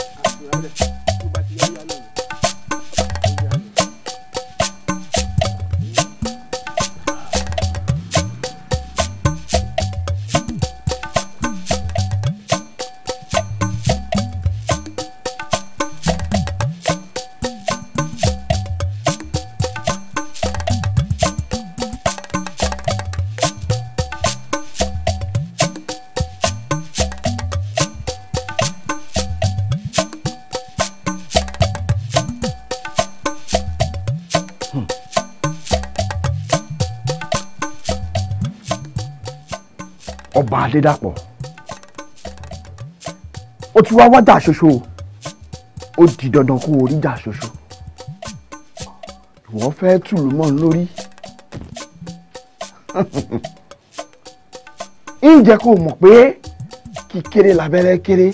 dé dàpọ̀ ó ti wá wájà ṣoṣo ó di dandan kó o rí jà ṣoṣo ìwọ fẹ́ tùlù mọ́ lórí ǹjẹ́ *laughs* kó o mọ̀ pé kíkéré labẹ́rẹ́ kéré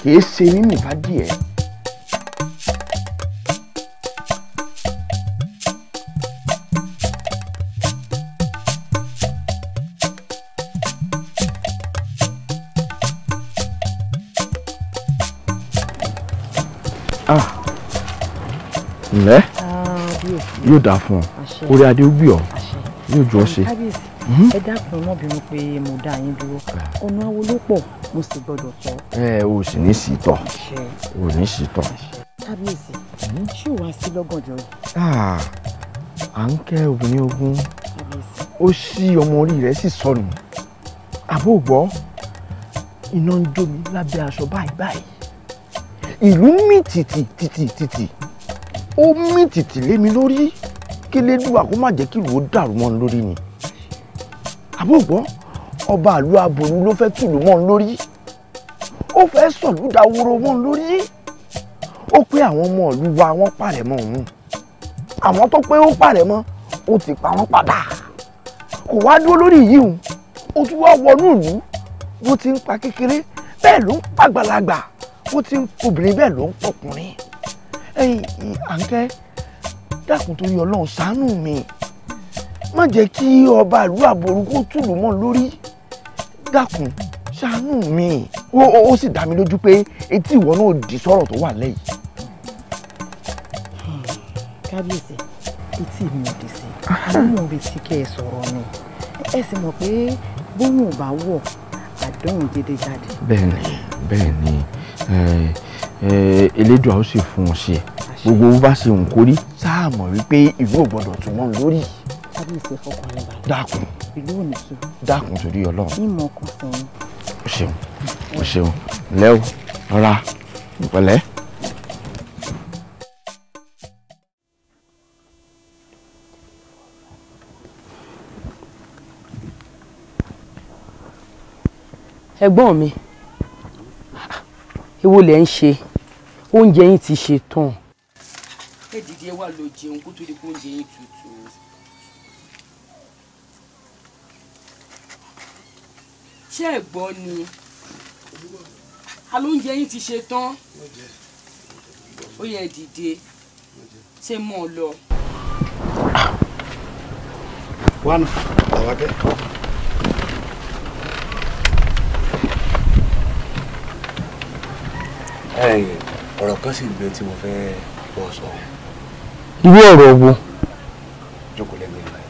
kìí ṣe nínú ìbádìí ẹ̀. yóò dáa fún ọ orí adé ó gbé ọ yóò jọ ọ ṣe. Mhm. ẹ dákun mọ́ bínú pé mo dá yín dúró ọ̀nà awo ló pọ̀ mo sì gbọ́dọ̀ tọ́. ẹ o sì ní sí tọ o ní sí tọ. kábíyèsí mhm. ṣé ò wá sí lọ́gànjọ́ yìí. Ah, à ń kẹ́ obìnrin ogun ó ṣí ọmọ orí rẹ̀ sì sọnù àbó gbọ́ iná ń jó mi lábẹ́ aṣọ báyìí báyìí ìlú mi tìtì tìtì tìtì ó mì tìtì lé mi lórí kí lẹ́dùn àkó má jẹ́ kí ìlú ó dàrú mọ́ ọ lórí ni àbúgbọ́ ọba àlú aboyún ló fẹ́ tùlù mọ́ ọ lórí ó fẹ́ sọ̀lúdà woro mọ́ ọ lórí ó pé àwọn ọmọ ìlú wa wọ́n pàrẹ̀ mọ́ òun àwọn tó pé ó pàrẹ̀ mọ́ ó ti pa wọ́n padà kò wá dúró lórí yìí o ó tún wá wọnú ìlú bó ti ń pa kékeré bẹ́ẹ̀ ló ń pàgbàlagbà bó ti ń obìnrin bẹ́ẹ̀ ló ń pọkùnrin ẹ̀yin àǹkẹ́ dákun torí ọlọ́run ṣàánú mi má jẹ́ kí ọba ìlú àbòrú kó tùlù mọ́ lórí dákun ṣàánú mi ó sì dá mi lójú pé etí ìwọ náà di sọ̀rọ̀ tó wà lẹ́yìn. kábíyèsí etí mi ò dì sí àwọn ò retí kẹ́ ẹ sọ̀rọ̀ mi ẹ sì mọ̀ pé bóun ò bá wọ̀ àdóhùn dédé jáde. bẹ́ẹ̀ni bẹ́ẹ̀ni elédùn àwọn se fún un ṣe gbogbo bó bá ṣe ń kórí sáà mọ̀ wípé ìlú ò gbọ́dọ̀ tún mọ́ lórí. kábíyèsí fọkàn rẹ bá. dákun ìlú ò ní sùn. dákun torí o ṣeun o ṣeun lẹ́wọ̀ rọra pẹ̀lẹ́. ẹ̀gbọ́n mi èwo lẹ ń ṣe oúnjẹ yín ti ṣe tán. ẹ dìde wá lọ jẹun kó tó di pé oúnjẹ yín tutù. ṣé ẹ gbọ́ ni alóúnjẹ yín ti ṣe tán ó yẹ dìde ṣé mọ̀ ọ́ lọ. wánà àwákẹ́. Hey ọ̀rọ̀ kan sì gbé tí mo fẹ́ bọ́ sọ. irú ọ̀rọ̀ wo. jókòó lẹ́gbẹ̀ẹ́ rẹ̀.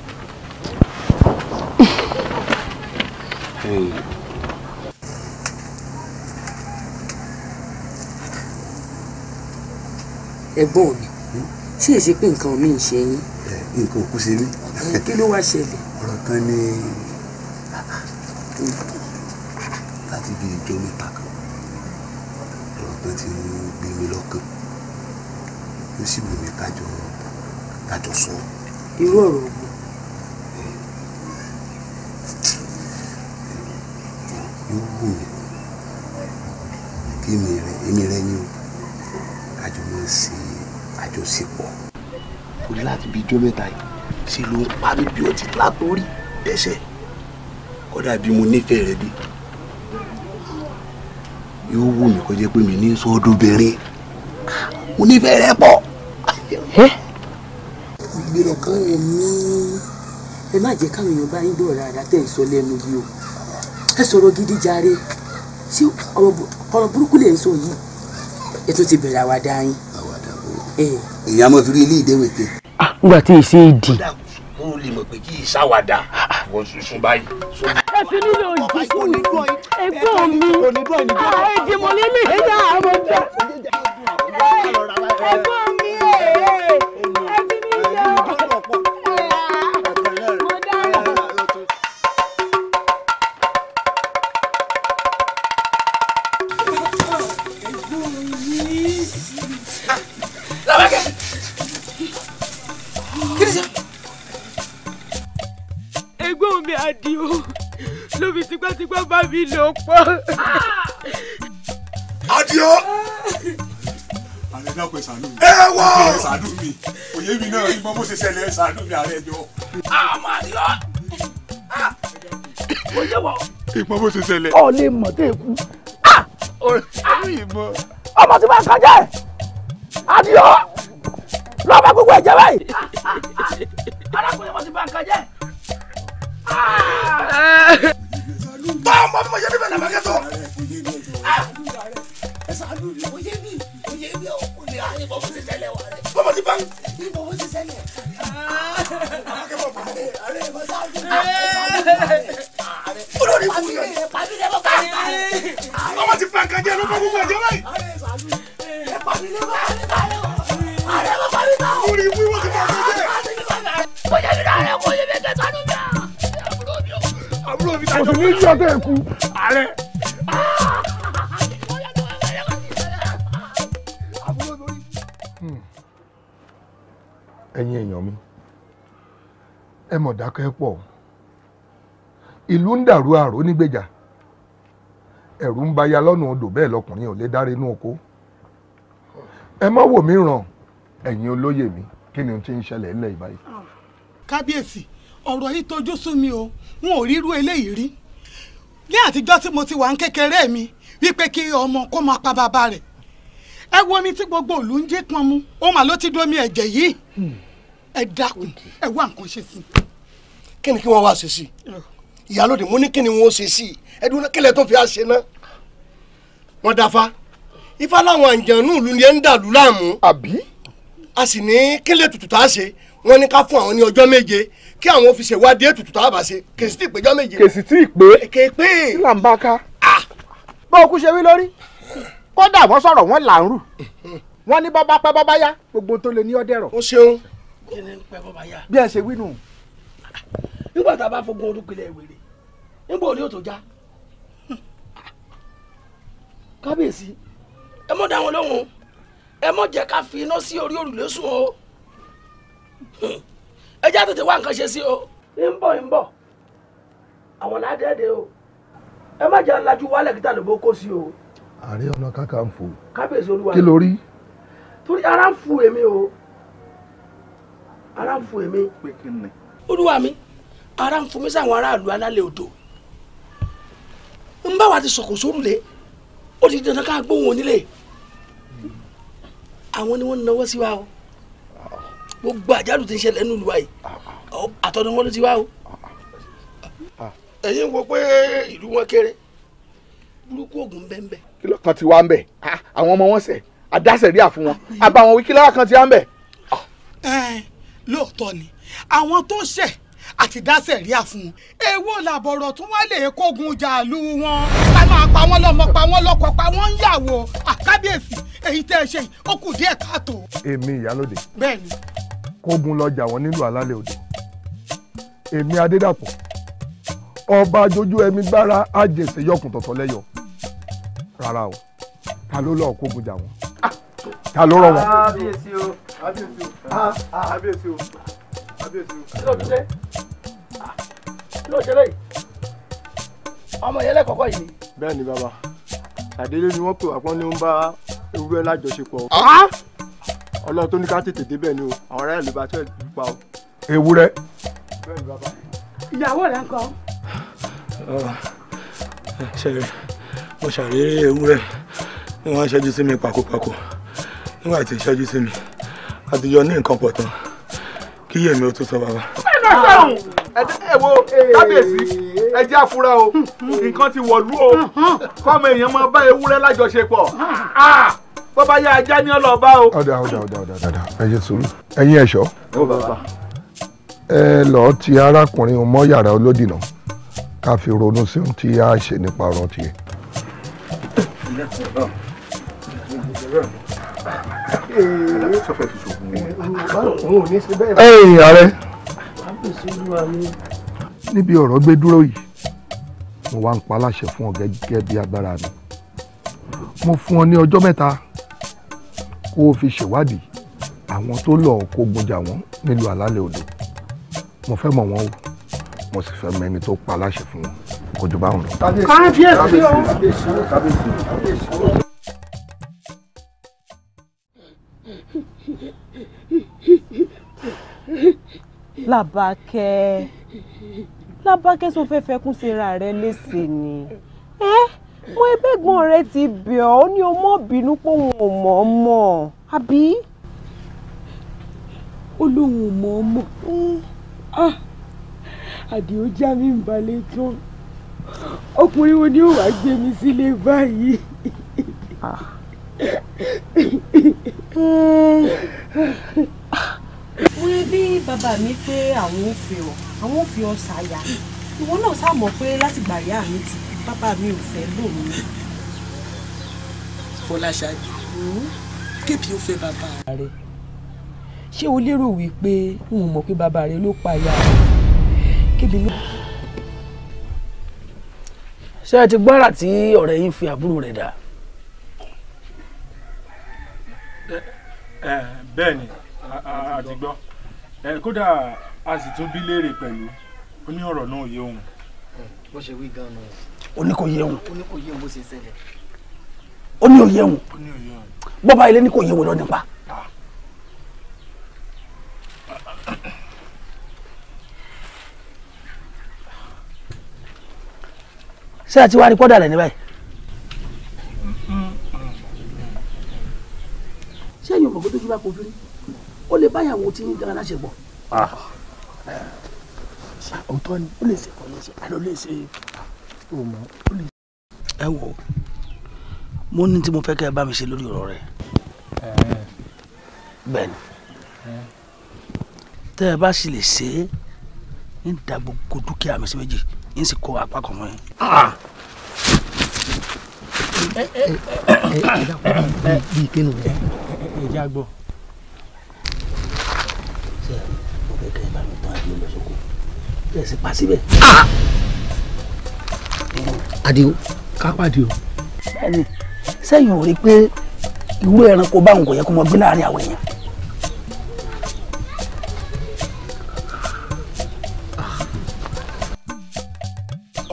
ẹ̀gbọ́n mi ṣé èsì pé nǹkan mi ń ṣe yín. nǹkan ò kú ṣe mí. kí ló wá ṣẹlẹ̀. ọ̀rọ̀ kan ni láti bí ìjọ mẹ́ta kan nǹkan tí ń gbé mi lọ́kàn yóò sì wù mí kájọ kájọ sọ. irú ọ̀rọ̀ ogun. yóò wù mí kí èmi rẹ ní o kájọ máa ṣe àjọṣepọ̀. torí láti bíi ijó mẹ́ta yìí ṣe ló ń pa mí bí ó látòrí dẹ́sẹ̀ kódà bí mo nífẹ̀ẹ́ rẹ bíi yóò wù mí kó jẹ́ pé mi ní sọ́ọ́dúnbẹ̀rẹ̀ mo nífẹ̀ẹ́ rẹ pọ̀. ìgbèrò kan rẹ̀ ní ẹ má jẹ́ káwọn èèyàn bá yín dọ̀rọ̀ rárá tẹ̀ ń sọ lẹ́nu yìí o ẹ sọ̀rọ̀ gidi jàre ṣé ọ̀rọ̀ burúkú lè ń sọ yìí ẹ tún ti bẹ̀rẹ̀ àwàdà yín. àwàdà bò èèyàn mọ̀ fi rí ilé ìdẹ́wẹ̀ pé. Ah, nígbà tí èsì èdè. mo lè mọ̀ pé kí ìsáwàdà ah. wọ́n sùn báyìí. ẹ fi nílò ìdí ẹ̀gbọ́n mi ẹ̀jẹ̀ mọ̀lẹ́mí ẹ̀jẹ̀ àwọn ọmọdé ẹ̀gbọ́n. mi ló pọ̀. Adio. Ẹ wọ. Ìsàdùn mi. Òye mi náà ìmọ̀ bó ṣe ṣẹlẹ̀ ìsàdùn mi ààrẹ jọ. Àmọ́ Adio. Oye wọ. Ìmọ̀ bó ṣe ṣẹlẹ̀. Ọ̀ lè mọ̀ tó èkú. Ọmọ tí bá kọjá ẹ̀. Adio. Lọ́ba gbogbo ẹ̀jẹ̀ báyìí. Arákùnrin mo ti bá nǹkan jẹ́ tọ́ ọmọ fún ọjọ́ níbẹ̀ làwọn akẹ́tọ̀. Ah! bọ́mọ̀ ti bá ń. olórí fún mi. Ah! ọmọ ti bá nǹkan jẹ́ ló gbogbo ẹ̀jẹ̀ báyìí. kò sí ní tí ọtẹ ẹkú ààrẹ. ẹ̀yin èèyàn mi ẹ mọ̀ dákẹ́ pọ̀ ìlú ń dàrú àrò nígbèjà ẹ̀rù ń baya lọ́nà odò bẹ́ẹ̀ lọkùnrin ò lè dáre inú oko ẹ má wò mí ràn ẹ̀yin olóyè mi kí ni ohun tí ń ṣẹlẹ̀ ńlẹ̀ ìbáyìí. kábíyèsí ọ̀rọ̀ yìí tojú sú mi o n ò rí irú eléyìí rí ní àtijọ́ tí mo ti wà ń kékeré mi wípé kí ọmọ kó máa pa bàbá rẹ̀ ẹ wo omi tí gbogbo òlú ń jẹ́ pọn mu ó mà ti domi ẹ̀jẹ̀ yìí hmm. ẹ dákun ẹ wá nǹkan ṣe sí kí ni kí wọ́n wá ṣe sí i ìyálòdì mo ní kí ni wọ́n ṣe sí i ẹdun náà kílẹ̀ tó fi àṣẹ náà wọ́n dáfa ifá láwọn àǹjànú ìlú ni ẹ ń dàlú láàmú. àbí. a sì ní kílẹ̀ tutù tá a ṣe wọ́n ní ká fún àwọn ní ọjọ́ méje kí àwọn ó fi ṣèwádìí ètùtù tá a ṣe kèsì tí ìpéjọ méje. kèsì tí ìpè. kéèpé. tí là ń bá ká. bó o kú ṣe wí lórí kódà wọ́n sọ̀rọ̀ wọ́n là ń rù wọ́n ní bọ́bá pẹ́ bọ́bá yá gbogbo tó lè ní ọ̀dẹ̀rọ̀. o ṣeun. kí ni pẹ́ bọ́bá yá. bí ẹ ṣe wí nù. nígbà tá a bá fogun orúkìlẹ̀ wèrè nígbà òní ò já kábíyèsí ẹ mọ̀ dá lóhùn ẹ mọ̀ jẹ́ ká fi iná sí orí òrùlé sùn o ẹ já tètè wá nǹkan ṣe sí o. ń bọ̀ ń bọ̀ àwọn ládẹ́ẹ̀dẹ́ o ẹ má jẹ́ alájú wálẹ̀ kíta ló bó kó sí o. ààrẹ ọ̀nà kakanfò kábíyèsí olúwa kí ló rí. torí ara ń fu èmi o ara ń fu èmi. olúwa mi ara ń fún mi sáwọn aráàlú alálẹ̀ odò ń bá wa ti sọ̀kò sórùlé ó ti dandan ká gbóhùn onílé àwọn ni wọ́n náwó sí wa o gbogbo àjálù ti ń ṣẹlẹ̀ nínú ìlú wa yìí àtọ̀dọ̀ wọn ló ti wá o. ẹ̀yin wo pé ìlú wọn kéré burúkú oògùn bẹ́ńbẹ́. kí ló kan ti wá ń bẹ̀ àwọn ọmọ wọn sẹ̀ àdásẹ̀ rí àfún wọn àbá àwọn wíkílá kan ti wá ń bẹ̀. lóòótọ́ ni àwọn tó ṣẹ̀ àti dásẹ̀ rí àfún wọn làbọ̀rọ̀ tún wá lè kógun jàlú wọn ká máa pa wọ́n lọ́mọ pa wọ́n lọ́kọ pa wọ́n ń yàwó àkábíyèsí èyí tẹ́ ẹ ṣe ó kù díẹ̀ káàtó. èmi ìyálòde. bẹ́ẹ̀ni kógun lọ jà wọ́n nílùú alálẹ̀ òde èmi adédàpọ̀ ọba ajojú ẹmí gbára àjèsè yọkùn tọ̀tọ̀ lẹ́yọ rárá o ta ló lọ kógun jà wọ́n ta ló rọ wọn. Ah, ah, ah, ọmọ yẹn lẹ́kọ̀ọ́kọ́ yìí. bẹ́ẹ̀ ni bàbá ni wọ́n pè wá pọ́n ní ń bá ewúrẹ́ lájọṣepọ̀ ọlọ́run tó ní ká tètè débẹ̀ ni o àwọn ará ìlú bá tẹ̀ pa o. ewúrẹ́. ìyàwó rẹ̀ ń kọ́. Ah, ṣe mo ṣàrírí ewúrẹ́ ni wọ́n ṣẹ́jú sí mi pakopako nígbà tí ìṣẹ́jú sí mi àtijọ́ ní nǹkan pọ̀ tán kí yèmí ó tún sọ bàbá. ẹ wo kábíyèsí ẹ jẹ́ àfúrá o hmm, hmm. nǹkan ti wọ̀lú o hmm, kọ́mọ èèyàn máa bá ewúrẹ́ lájọṣepọ̀. Ah. Ah! bọ́bá yá ajá ní ọlọ́ọ̀bá o. ọ̀dà ọ̀dà ọ̀dà ọ̀dà ẹ ṣe sùúrù ẹ̀yin ẹ̀ṣọ́. ẹ lọ́ọ́ ti arákùnrin mọ́ yàrá olódì náà ká fi ronú sí ohun tí a ṣe nípa ọ̀rọ̀ tiẹ̀. ẹ̀yin ààrẹ níbi ọ̀rọ̀ gbé dúró yìí mo wá ń pa fún ọ gẹ́gẹ́ bí agbára mi mo fún ọ ní ọjọ́ mẹ́ta kó o fi ṣèwádìí àwọn tó lọ kógun jà wọ́n nílùú alálẹ̀ odò mo fẹ́ mọ̀ wọ́n o mo sì fẹ́ mẹ́ni tó pa láṣẹ fún wọn kò jù báwọn lọ. kábíyèsí o. làbákẹ́ làbákẹ́ sọ fẹ́ fẹ́ kún síra rẹ léṣe ni. Eh? mo ẹgbẹ́gbọ́n rẹ ti bẹ̀ ọ́ ní o mọ́ bínú pé òun ò mọ̀ ọ́ mọ̀ àbí. ó lóun ò mọ̀ ọ́ mọ̀ ah, àdìó já mi ń balẹ̀ tán ọkùnrin wo ni ó wàá gbé mi sílé báyìí. mo rí bí bàbá mi pé àwọn ò fi ọ àwọn ò fi ọ ṣàyà ìwọ náà sá mọ̀ pé látìgbà ìyá mi ti bàbá mi ò fẹ́ lòun. Fọláṣadé hmm? kébì ó fẹ́ bàbá rẹ ṣé o lérò wípé n ò mọ̀ pé bàbá rẹ ló pa ìyá rẹ kébì ló. ṣé ẹ ti gbára tí ọ̀rẹ́ yín fi àbúrò rẹ̀ dà. bẹ́ẹ̀ ni a ti gbọ́ kódà a sì tún bí léèrè pẹ̀lú ó ní ọ̀rọ̀ náà yé òun. bó ṣe wí gan-an oníkò yé wọn ó ní òye wọn bọ́ba ilé ní kò yé wọn lọ nípa. ṣé ẹ ti wá rí pọ́dà rẹ̀ ní báyìí. ṣé èyí ò mọ̀ pé tójú bá kó firi ó lè báyàwó tí ń gan aláṣẹ pọ̀. Ah. òótọ́ ni ó lè ṣe kọ́ lè ṣe àlọ́ lè ṣe o mọ o lè. ẹ wò mo ní tí mo fẹ́ kẹ́ ẹ bá mi ṣe lórí ọ̀rọ̀ rẹ. bẹ́ẹ̀ni tẹ́ ẹ bá sì lè ṣe é ń da gbogbo dúkìá mi sí méjì ń sì kó apá kan fún yín. bíi kínú rẹ. ẹja gbọ́. ṣe o fẹ́ kẹ́ ẹ bá mi tán àdéhùn lọ sóko bẹ́ẹ̀ sì pa síbẹ̀. Adio. kápádé o. bẹ́ẹ̀ni sẹ́yìn ò rí pé irú ẹranko báwọn kò yẹ kó mọ gbé láàrin àwọn èèyàn.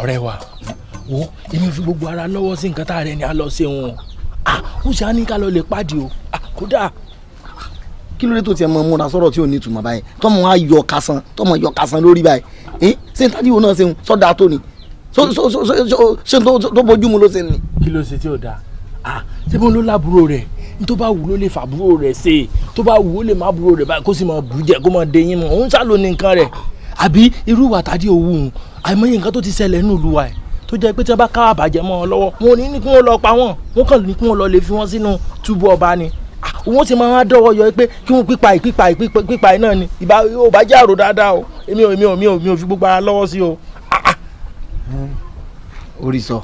ọ̀rẹ́ wa wo èmi fi gbogbo ara lọ́wọ́ sí nǹkan tá a rẹ ni a lọ ṣe wọn ah, ó ṣe á ní ká lọ lè pàdé o ah, kódà. kí ló dé tó tiẹ̀ mọ múra sọ̀rọ̀ tí ò ní ìtumọ̀ báyìí tọ́mọ á yọ kásán tọ́mọ yọ kásán lórí báyìí ṣé ní tádìwò náà ṣe ń sọ́dà tó ni so so so so so so tó tó bójú mu ló ṣe ni. kí ló ṣe tí ò dáa ah ṣé bó ló lábúrò rẹ ní tó bá wù ló lè fàbúrò rẹ ṣe tó bá wù ó lè má búrò rẹ báyìí kó sì máa bù jẹ kó máa dé yín mu òun ṣàlò ní nǹkan rẹ àbí irú ìwà tàdí òwú òun àìmọye nǹkan tó ti ṣẹlẹ̀ nínú ìlú wa ẹ̀ tó jẹ́ pé tí wọ́n bá káwà bàjẹ́ mọ́ ọ lọ́wọ́ wọn ò ní ní kí wọ́n lọ pa wọ́n wọ́n kàn ní kí wọ́n lọ lè fi wọ́n sínú túbú ọba ni wọ́n ah, sì máa ń dọ́wọ́ yọ pé kí wọ́n pípa ìpípa ìpípa náà ni ìbá ò bá jẹ́ àrò dáadáa o èmi ò mi ò mi ò fi gbogbo ara lọ́wọ́ sí o orí sọ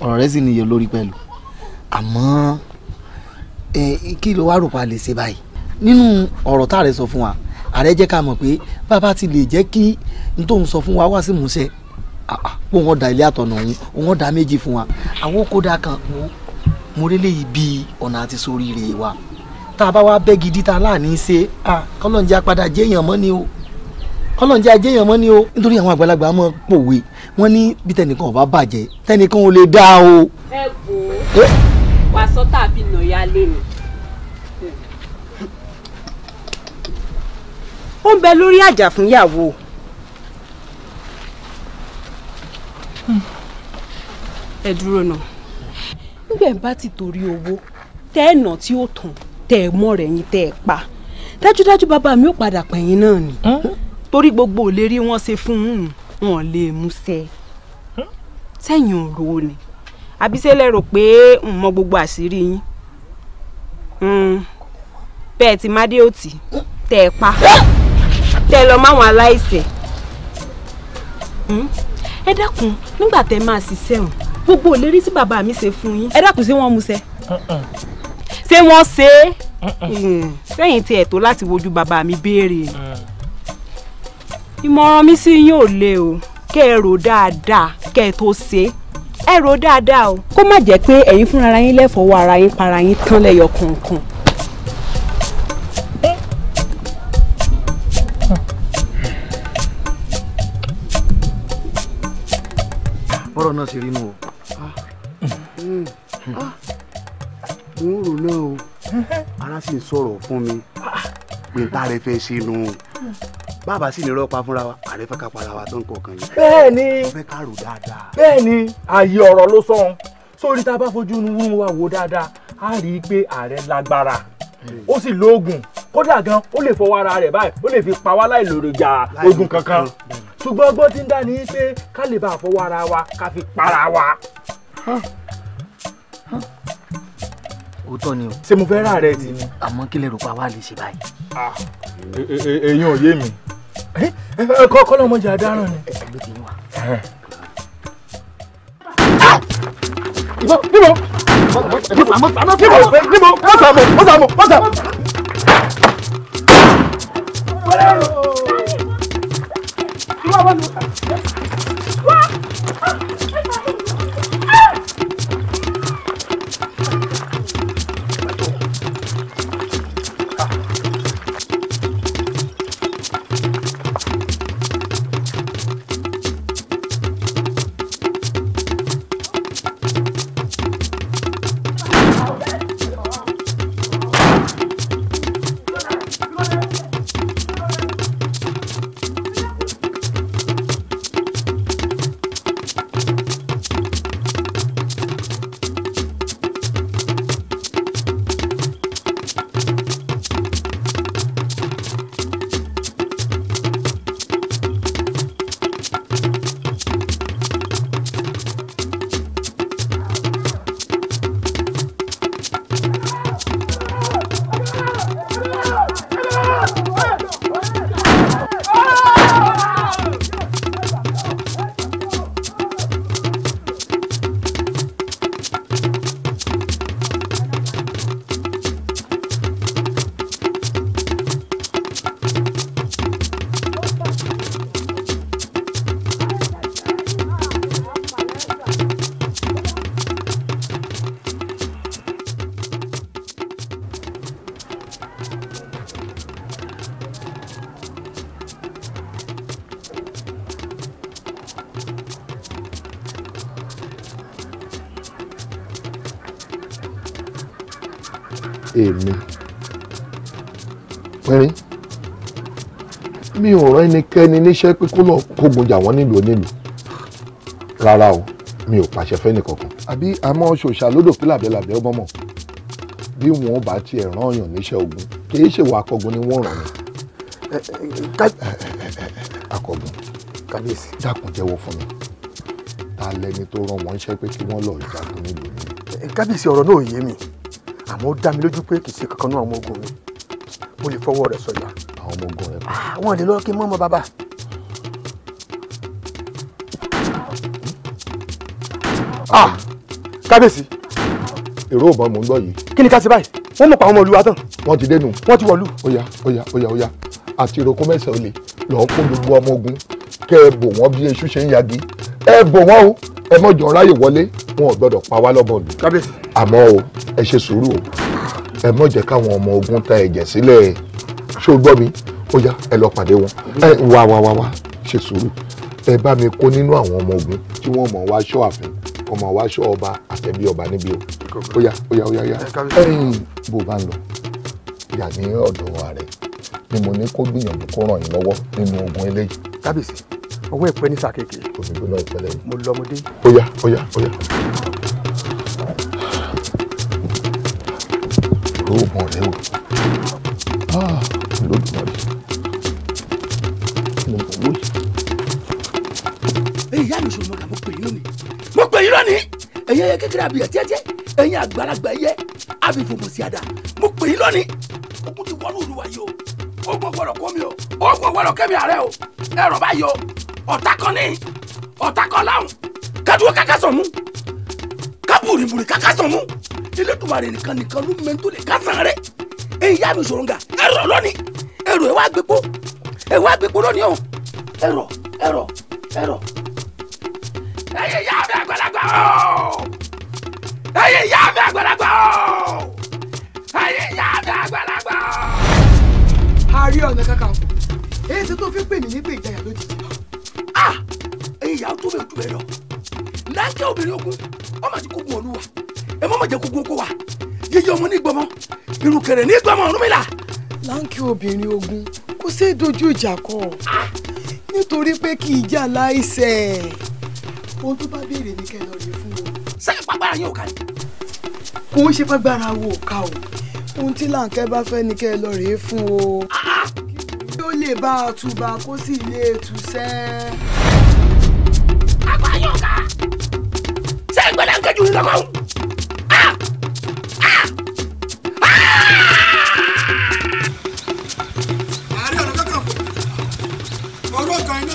ọ̀rọ̀ rẹ sì níye lórí pẹ̀lú àmọ́ kí ló wá rò pa lè ṣe báyìí nínú ọ̀rọ̀ tá a rẹ sọ fún wa ààrẹ jẹ́ ká mọ̀ pé bàbá ti lè jẹ́ kí n tó ń sọ fún wa wá sí ìmúṣẹ pé wọ́n da ilé àtọ̀nà òun wọ́n da méjì fún wa àwọn kódà kan mo rélé yìí bíi ọ̀nà àti sóríire wa tá a bá wá bẹ́ gidi ta láàánú ṣe kọ́lọ́njẹ́ apadà jẹ́ èèyàn mọ́ ni o ọlọ́run jẹ́ ajéèyàn mọ́ ni o nítorí àwọn àgbàlagbà máa pòwe wọ́n ní bí tẹnìkan ò bá bàjẹ́ tẹnìkan ò lè dá o. ẹ kò wá sọ tàbí nàyà lé mi. ó ń bẹ lórí àjà fún ìyàwó. ẹ dúró náà nígbà bá ti torí owó tẹ́ ẹ̀ nà tí ó tàn tẹ́ ẹ̀ mọ́ rẹ̀ yín tẹ́ ẹ̀ pa dájúdájú bàbá mi ò padà pẹ̀yìn náà ni. Mm -hmm torí gbogbo ìlérí wọn ṣe fún un wọn lè mú ṣẹ sẹ́yìn òru ni àbí ṣé lẹ rò pé n mọ gbogbo àṣírí yín bẹ́ẹ̀ hmm. ti má dé òtí tẹ́ ẹ pa tẹ́ ẹ lọ máwọn aláìsẹ̀ hmm. ẹ dákun nígbà tẹ́ máa ṣiṣẹ́ hàn gbogbo ìlérí tí bàbá mi ṣe fún yín ẹ dákun ṣé wọ́n mú ṣẹ uh-uh. ṣé wọ́n ṣe é sẹ́yìn tí ẹ̀ tó láti wojú bàbá mi béèrè. Uh-uh ìmọ̀ràn mi sí yín ò le o kẹ́ ẹ rò dáadáa kẹ́ ẹ tó ṣe ẹ rò dáadáa o. kó má jẹ́ pé ẹ̀yin fúnra yín lẹ́fọ̀ọ́ ara yín para yín tán lẹ́yọ kọ̀ọ̀kan. bọ́rọ̀ náà ṣe rí nù o. n ò rò náà o ara sì ń sọ̀rọ̀ fún mi pé n ta rẹ fẹ́ ṣe nù o bàbá sì ní rọpa fúnra wa ààrẹ fẹ́ ká para wa tó ń kọkàn yìí. bẹ́ẹ̀ni ni ká rò ààyè ọ̀rọ̀ ló sọ ohun sórí tá a bá fojú inú wa wò dáadáa a rí i pé ààrẹ lágbára hmm. ó sì lóògùn kódà gan ó lè fọwọ́ ara rẹ̀ báyìí ó lè fi pa wá láì lòròjà ogun kankan ṣùgbọ́n ọgbọ́n ti ń dá ní pé ká lè bá àfọwọ́ ara wa ká fi para wa. òótọ́ ni o. ṣé mo fẹ́ rà rẹ ti ni. àmọ́ kí lè rò pa wá lè ṣe báyìí. èyí ah, e, e, e, ò yé mi. Eh, eh, kọ́ lọ́mọ jẹ́ adáràn ni. níbo níbo níbo níbo wọ́n sàmù wọ́n sàmù wọ́n sàmù. Wá! ẹnikẹ́ni níṣẹ́ pé kó lọ kógun jà wọ́n nílùú onílùú rárá o mi ò pàṣẹ fẹ́ni kankan. àbí àmọ́ ṣòṣà lódò pé làbẹ́làbẹ́ ọmọ mọ̀ bí wọn bá tiẹ̀ rán ọyàn níṣẹ́ ogun kì í ṣèwà akọgun ni wọ́n rán mi. akọgun kábíyèsí dákun jẹ́wọ́ fún mi ta lẹni tó rán wọn ṣẹ́ pé kí wọ́n lọ jagun nílùú ni. kábíyèsí ọ̀rọ̀ náà yé mi àmọ́ ó dá mi lójú pé kì í ṣe kankan náà ọmọ ogun mi mo lè fọwọ́ rẹ̀ sọ̀yà àwọn ọmọ ogun rẹ. Ah, wọn lè lọ kí n mọ ọmọ bàbá. Ah, kábíyèsí èrò ò bá mò ń gbọ́ yìí. kí ni ká ṣe báyìí wọ́n mọ̀ pa àwọn ọmọ olúwa tán. wọ́n ti dénú. wọ́n ti wọ̀lú. ó yá ó yá ó yá ó yá àti ìrókò mẹ́sàn-án olè lọ́ọ́ kó gbogbo ọmọ ogun kẹ́ ẹ bò wọ́n bí eṣú ṣe ń yagi ẹ bò wọ́n o ẹ mọ̀jọ̀ ráyè wọlé wọn ò gbọ́dọ̀ pa wá lọ́bọ̀ lù. kábíyèsí. àmọ́ o ẹ ṣe sùúrù o ẹ mọ̀jẹ̀ káwọn ọmọ ogun ta ẹ̀jẹ̀ sílẹ̀ ṣé o gbọ́ mi ó yá ẹ lọ pàdé wọn ẹ wá wá wá wá ṣe sùúrù ẹ bá mi kó nínú àwọn ọmọ ogun tí wọ́n mọ̀ wá ṣọ́ àfin ọmọ wá ṣọ́ ọba àtẹ̀bí ọba níbi o ó yá ó yá ó yá ó yá ẹ̀yìn bó bá ń lọ yà ní ọ̀dọ̀ ààrẹ ni mo ní kó gbìyànjú kó ràn yín lọ́wọ́ nínú ogun eléyìí. kábíyèsí ọwọ́ ìpẹ́ ní sàkéèké. òṣèlú náà ìpẹ́lẹ̀ yìí. mo lọ́mọdé. ó yá ó yá ó yá. oògùn rẹ o lóògùn ọ̀dọ̀ mo mọ̀ wọ́n. ìyá mi sọ̀rọ̀ mọ̀gà mo pè yín lónìí mo pè yín lónìí ẹ̀yin ẹyẹ kékeré àbíyẹ tiẹ́tiẹ́ ẹ̀yin àgbàlagbà ẹyẹ àbífòmò sí àdá mo pè yín lónìí ogun ti wọnú ìlú wa yìí o ogun gbọ́dọ̀ kó mi o ogun gbọ́dọ̀ kẹ́mi àárẹ̀ o ẹ̀rọ báyìí o ọ̀tá kan ní ọ̀tá kan láhùn kádùn kákásán mú kábùrìbùrì kákásán mú ilé tùmọ̀ rẹ̀ nìkan nìkan ló mẹ́ntó lè kásán rẹ̀ èyí yá mi sọ̀rọ̀ nga ẹ̀rọ lónìí ẹ̀rọ ẹ̀ wá gbégbó ẹ̀ wá gbégbó lónìí o ẹ̀rọ ẹ̀rọ ẹ̀rọ. ẹyẹ ìyá mi àgbàlagbà o ẹyẹ ìyá mi àgbàlagbà o ẹyẹ ìyá mi àgbàlagbà o. Ààrẹ Ọ̀nà Kakanfò èyí ti tó fi pè mí nígbà ìjayà lójijì. ah ẹyin ìyá tó bẹ̀ tó bẹ̀ lọ láńkẹ́ obìnrin ogun ọmọ àti kókun olúwa ẹ mọ́ mọ́ jẹ́ kókun oko wa yíyí ọmọ ní gbọmọ irun kẹrẹ ní gbọmọ Ọ̀rúnmìlà láǹkì obìnrin ogun kò ṣeé dojú ìjà kọ nítorí pé kì í jà láìṣẹ̀ ohun tó bá béèrè ní kẹlọ rèé fún o. ṣé ìpàgbára yóò kà ní. kò ń ṣe pàgbára wo ká o ohun tí láǹkẹ́ bá fẹ́ ní kẹlọ rèé fún o. kí ó lè bá a túbà kó sì lè túṣẹ́. àgbà yóò ká ṣé ìgbẹ́lẹ̀ ń kẹjú ńlọkọ̀.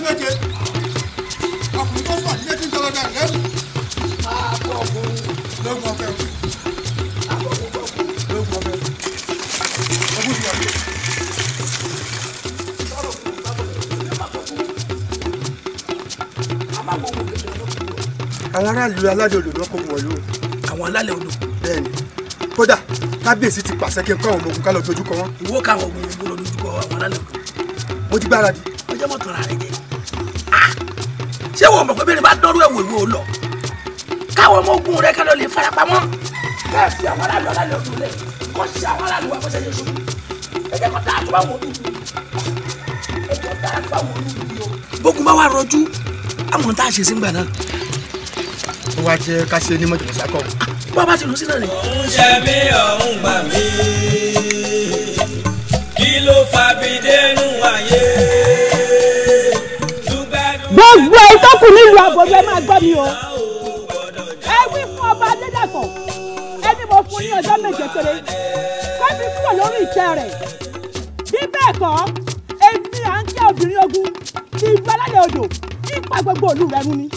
méje ọkùnrin tó sọ nílé tí ń tọ́lọ́dà lẹ́nu. máa bọ̀ ọkùnrin. lóògùn ọ̀fẹ́ o. lóògùn ọ̀fẹ́ o. ogún ìyàwó. àwọn aráàlú aládé odò lọ́kọ̀ wọ̀lú. àwọn alálẹ̀ odò. bẹ́ẹ̀ni kódà kábíyèsí ti pàṣẹ kí n kọ́ àwọn ọmọ ogun ká lọ dojú kọ wọn. ìwọ káwọn ọmọ ogun lọ dojú kọ àwọn alálẹ̀ odò. mo ti gbáradì ṣé wọn mọ̀ pé bẹ́ẹ̀ ni bá dọ́rú ẹ̀wò ìwé lọ káwọn ọmọ ogun rẹ kálọ̀ lè farapamọ́ káàfi àwọn aráàlú aráàlú ọdún lẹ kọ́ sí àwọn aráàlú wa kọ́sẹ́ yẹsùn ẹ jẹ́ kó dáa tó bá wọlé ẹ jẹ́ dáa tó bá wọlé bá wa rọjú àwọn tá a ṣe sí ń gbà náà. ó wá jẹ́ ká ṣe ní mọ̀jọ̀lẹ̀ sákọ̀. bá bá ti lù sí náà ni. ó ń ṣe mí ọ̀hún gbà mí kí ló fa bídẹ́nu ayé gbogbo ẹ tó kù nílùú àgbọ̀dọ̀ ẹ máa gbọ́ mi o ẹ wí fún ọba adédàpọ̀ ẹni mo fún ní ọjọ́ méje péré kó fi kúrò lórí ìtẹ́ rẹ̀ bí bẹ́ẹ̀ kọ́ èmi à ń jẹ́ obìnrin ogun ní ìlú alálẹ̀ odò nípa gbogbo ìlú rẹ̀ mú ni.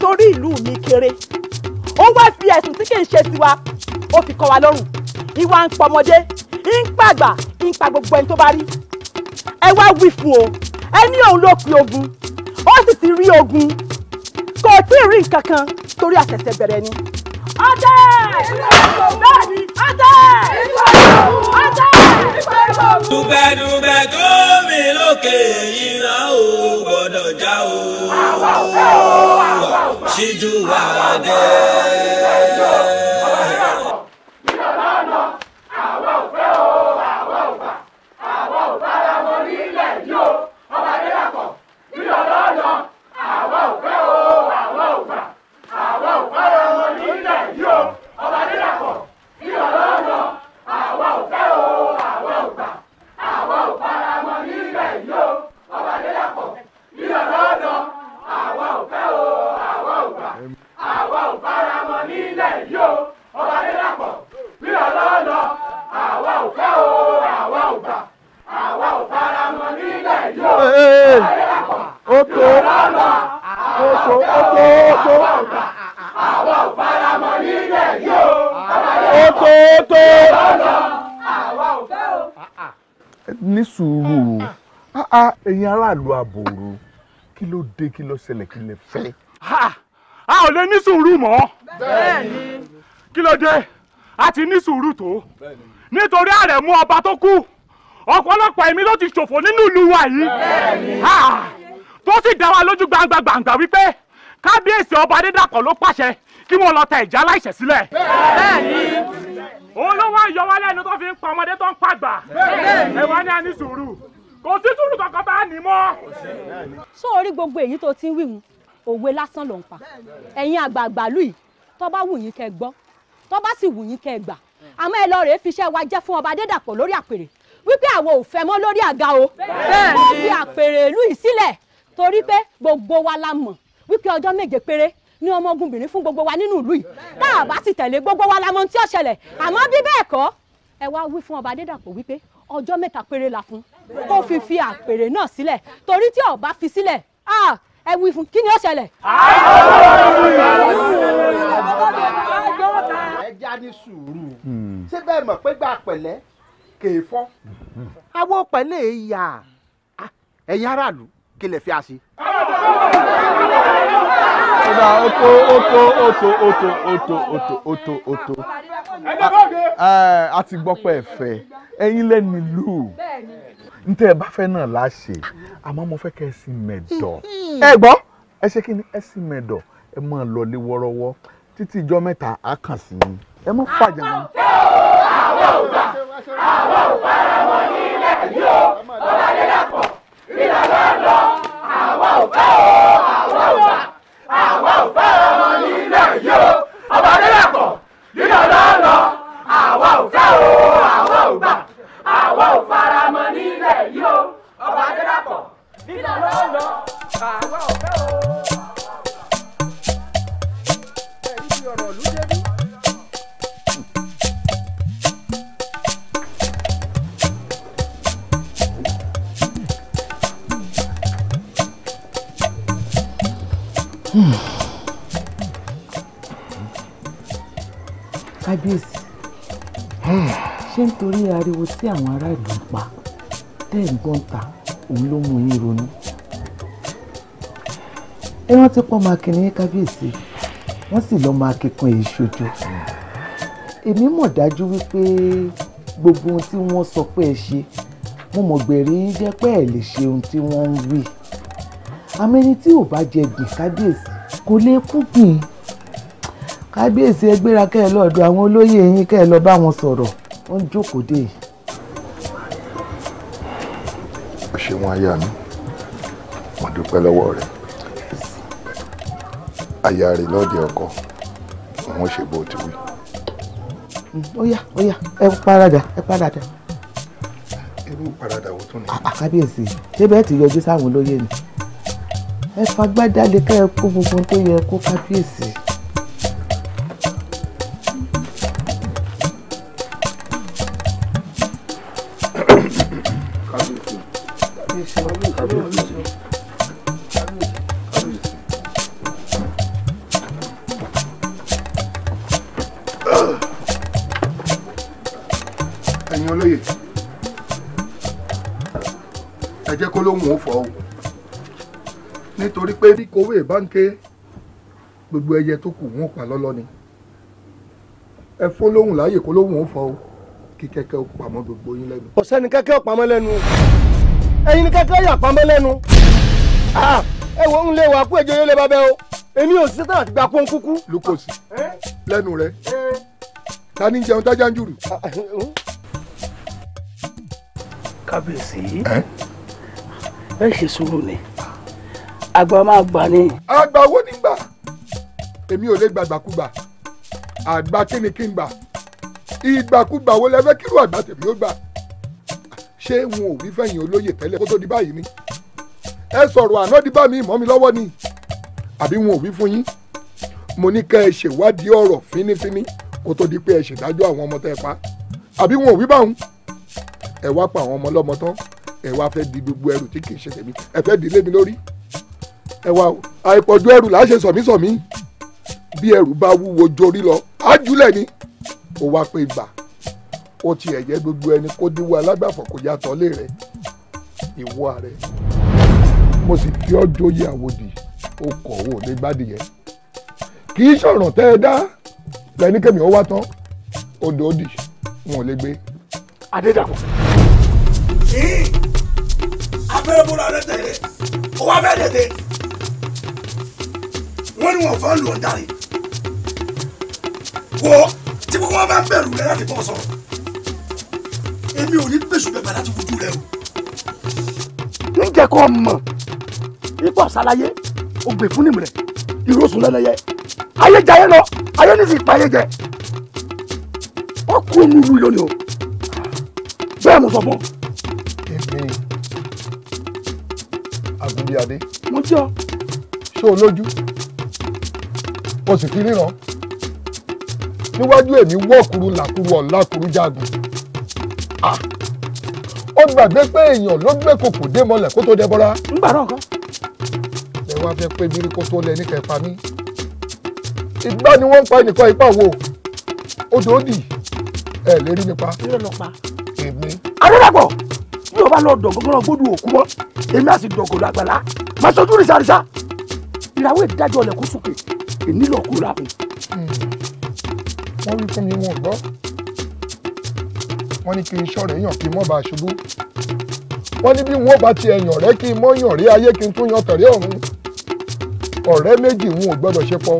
torí ìlú mi kéré ó wá fi ẹ̀sùn tí kì í ṣe tiwa ó fi kọ́ wa lọ́rùn ìwà ń pọmọdé ń pàgbà ń pa gbogbo ẹni tó bá rí ẹ wá wí fún o ẹ ní òun ló pe ogun ó sì ti rí ogun kò tí ì rí nǹkan kan torí àṣẹ̀ṣẹ̀ bẹ̀rẹ̀ ni. ọdẹ bẹ́ẹ̀ni ọdẹ ọdẹ. dùbẹ̀dùbẹ̀ tó mi lókè iná ò gbọ́dọ̀ já o ṣíjú wà dé. Oto oto oto oto. Àwọn ò faramọ́ nílẹ̀ yìí o. Oto oto. Àwọn ò fẹ́ o. Ní sùúrù o, ẹ̀yin aráàlú àbòrò, kí ló dé kí ló ṣẹlẹ̀ kí lè fẹ́? A ò lè ní sùúrù mọ́. Bẹ́ẹ̀ni. Kí ló dé? A ti ní sùúrù tó. Nítorí àrẹ̀mú ọba tó kú, ọ̀pọ̀lọpọ̀ ẹ̀mí ló ti ṣòfò nínú ìlú wa yìí tó sì dá wa lójú gbangba gbangba wípé kábíyèsí ọba adédàpọ̀ ló pàṣẹ kí wọ́n lọ ta ìjà aláìṣẹ̀ sílẹ̀. bẹ́ẹ̀ni. òun ló wá yọ wá lẹ́nu tó fi ń pa ọmọdé tó ń pàgbà. bẹ́ẹ̀ni. ẹ wá ní a ní sùúrù kò sí sùúrù kankan tá a ní mọ́. sọ orí gbogbo èyí tó ti ń wí hun òwe lásán ló ń pa ẹ̀yin àgbààgbà lù yìí tó bá wù yín kẹ́ gbọ́ tó sì wù yín kẹ́ gbà àmọ́ ẹ lọ rèé fiṣẹ́ wa jẹ́ fún ọba adédàpọ̀ lórí àpèrè wípé àwọn ò fẹ́ mọ́ lórí àga o. bẹ́ẹ̀ni. ó fi àpèrè ìlú yìí torí pé gbogbo wa la mọ̀ wípé ọjọ́ méje péré ní ọmọ ogunbìnrin fún gbogbo wa nínú ìlú yìí tá a bá sì tẹ̀lé gbogbo wa la mọ̀ tí ó ṣẹlẹ̀ àmọ́ bí bẹ́ẹ̀ kọ́ ẹ wá wí fún ọba adédàpọ̀ wípé ọjọ́ mẹ́ta péré la fún kó fi fi àpèrè náà sílẹ̀ torí tí ọba fi sílẹ̀ ẹ wí fún kí ni ó ṣẹlẹ̀. ẹ já ní sùúrù hmm. ṣé bẹ́ẹ̀ mọ̀ pé gbà pẹ̀lẹ́ kèé fọ́. àwọn hmm. hmm. pẹ̀lẹ́ yà ah, ẹ̀yin aráàlú kí lè fi àṣì. ọba oto oto oto oto oto oto oto oto a ti gbọ́ pé ẹ̀fẹ̀ ẹ̀yin lẹ́nu ìlú ntẹ́ ẹ bá fẹ́ náà láṣẹ àmọ́ mo fẹ́ kẹ́ ẹ sì mẹ̀dọ̀ ẹ gbọ́ ẹ ṣe kí ni ẹ sì mẹ̀dọ̀ ẹ máa lọlé wọ́rọ́wọ́ títí ìjọ mẹ́ta á kàn sí i ẹ má fàjà mọ́. àwọn ò gbà àwọn ò gbà àwọn ò fara wọn nílẹ̀ yóò. bow. kábíyèsí ṣé nítorí ariwo tí àwọn aráàlú ń pa tẹ́ ń gbọ́n ta òun ló mú yín ronú ẹ rántí pọ́ máa kìnìún kábíyèsí wọ́n sì lọ́ọ́ máa kíkan èyí ṣojo èmi mọ̀ dájú wípé gbogbo ohun tí wọ́n sọ pé ẹ ṣe mo mọ̀ gbẹ̀rí jẹ́ pé ẹ lè ṣe ohun tí wọ́n ń wí àmọ́ ẹni tí ò bá jẹ gbìn kábíyèsí kò lè kú gbìn kábíyèsí ẹ gbéra kẹ́ ẹ lọ́ọ̀dọ̀ àwọn olóyè yín kẹ́ ẹ lọ bá wọn sọ̀rọ̀ wọ́n ń jókòó dé. ó ṣe wọn aya mi mo dúpẹ́ lọ́wọ́ rẹ̀ aya rẹ̀ lọ́ọ̀dẹ̀ ọkọ wọn ṣe bó ti wí. Mm, ó yá ó yá ẹ paradà ẹ paradà. irú paradà wo tún ni. àkábíyèsí ah, ah, ṣé bẹ́ẹ̀ ti yọjú sáwọn olóyè ni ẹ fagbádá lè kẹ́ ẹ kó gbogbo tó yẹ kó kábíyèsí. kówé báńkẹ́ gbogbo ẹyẹ tó kù wọn pa lọ́lọ́ ni ẹ fún lóhùn láàyè kó lóhùn ó fọ o kí kẹ́kẹ́ ó pamọ́ gbogbo yín lẹ́nu. kò sẹ́ni kẹ́kẹ́ ó pamọ́ lẹ́nu ẹ̀yin ni kẹ́kẹ́ yà pamọ́ lẹ́nu ẹ wo ń lé wa kú ẹjọ́ yóò lé bàbá o èmi ò sísá àti gba pọ́n kúkú. lukosi lẹ́nu rẹ̀ ta ni jẹun tájà ń jùrù. kábíyèsí ẹ ṣe sùúrù ni àgbà máa gbà ni. àgbà owó ní gbà èmi ò lè gbàgbàkúgbà àgbà kíni kí n gbà ìgbàkúgbà wo lẹ fẹ́ kírú àgbà tèmi ó gbà ṣé wọn ò wí fẹ̀yìn olóyè tẹ́lẹ̀ kó tó di báyìí ni ẹ sọ̀rọ̀ àná di bá mi mọ́ mi lọ́wọ́ ni àbí wọn ò wí fún yín mo ní kẹ́ ẹ ṣèwádìí ọ̀rọ̀ fínífíní kó tó di pé ẹ ṣèdájọ́ àwọn ọmọ tẹ́ ẹ pa àbí wọn ò wí báwọn ẹ wá pa àwọn ọmọ ọlọ́mọ tán ẹ wá fẹ́ di gbogbo ẹrù tí kì í ṣe tèmi ẹ fẹ́ di lé mi lórí ẹ wá o àìpọ̀jù ẹrù là á ṣe sọ̀mísọ̀mí bí ẹrù bá wúwo jorí lọ ájúlẹ̀ ni ó wá pé gbà ó ti ẹ̀yẹ́ gbogbo ẹni kó díwọ́ alágbàfọ̀ kò yàtọ̀ lé rẹ̀ ìwọ ààrẹ mo sì kí ọ jóyè àwòdì ó kọ̀ ọ́ lé gbádìyẹ kì í ṣọ̀ràn tẹ́ ẹ dá lẹ́ni kẹ́mi ó wá tán odò òdì wọn ò lè gbé. adédàpọ̀. abẹ́rẹ́ bọ́lá rẹ tẹ̀lé ó wá bẹ́ẹ̀ tẹ̀lé wọ́n ní wọn fẹ́ lù ọ́ dáre wọ́ tí gbogbo wọn bá bẹ̀rù rẹ láti bọ́ sọ̀rọ̀ èmi ò ní bẹ̀sù bẹ̀bà láti fojú rẹ o. ń jẹ́ kó mọ̀ ipò àṣàlàyé ògbè fún nìmùrẹ̀ ìrosùn lẹ́lẹ́yẹ ayéjayé lọ ayé ní ti payéjẹ ọkùn omi ìlú lónìí o bẹ́ẹ̀ mo sọ fún ọ. kèké agundíadé. mo jẹ́ ọ. ṣé o lójú o sì fi ríran níwájú èmi wọ́ọ̀kúrú làkúrú ọ̀làkúrú jágùn ó gbàgbé pé èèyàn ló gbé kòkò dé mọ́lẹ̀ kó tó dẹ́bọ́ra. ń gbàrọ̀ kan. ẹ wá fẹ́ pé bírí kó tó lẹ ní kẹfà mi ìgbà ni wọ́n ń pa nìkan ipá wo odò ó dì ẹ lè rí nípa. ilé lọ pa. èmi. adédàpọ̀ bí o bá lọ dọ̀gọ́gọ́rọ̀ gbódù òkú mọ́ èmi á sì dọ̀gọ́dọ̀ àgbàlá màá sojú rìsàrìsà ìràwọ̀ ìdájọ́ ọ̀lẹ̀kùn sùkè èmi lọ kúra fún. wọ́n wí fún mi wọn gbọ́ wọ́n ní kí n ṣọ̀rẹ́ yàn kí mọ́ bá a ṣubú wọ́n ní bí wọ́n bá ti ẹ̀yàn rẹ́ kí mọ́ yàn rí ayé kí n tún yan tẹ̀rẹ́ ọ̀run ọ̀rẹ́ méjì wọn ò gbọ́dọ̀ ṣe pọ̀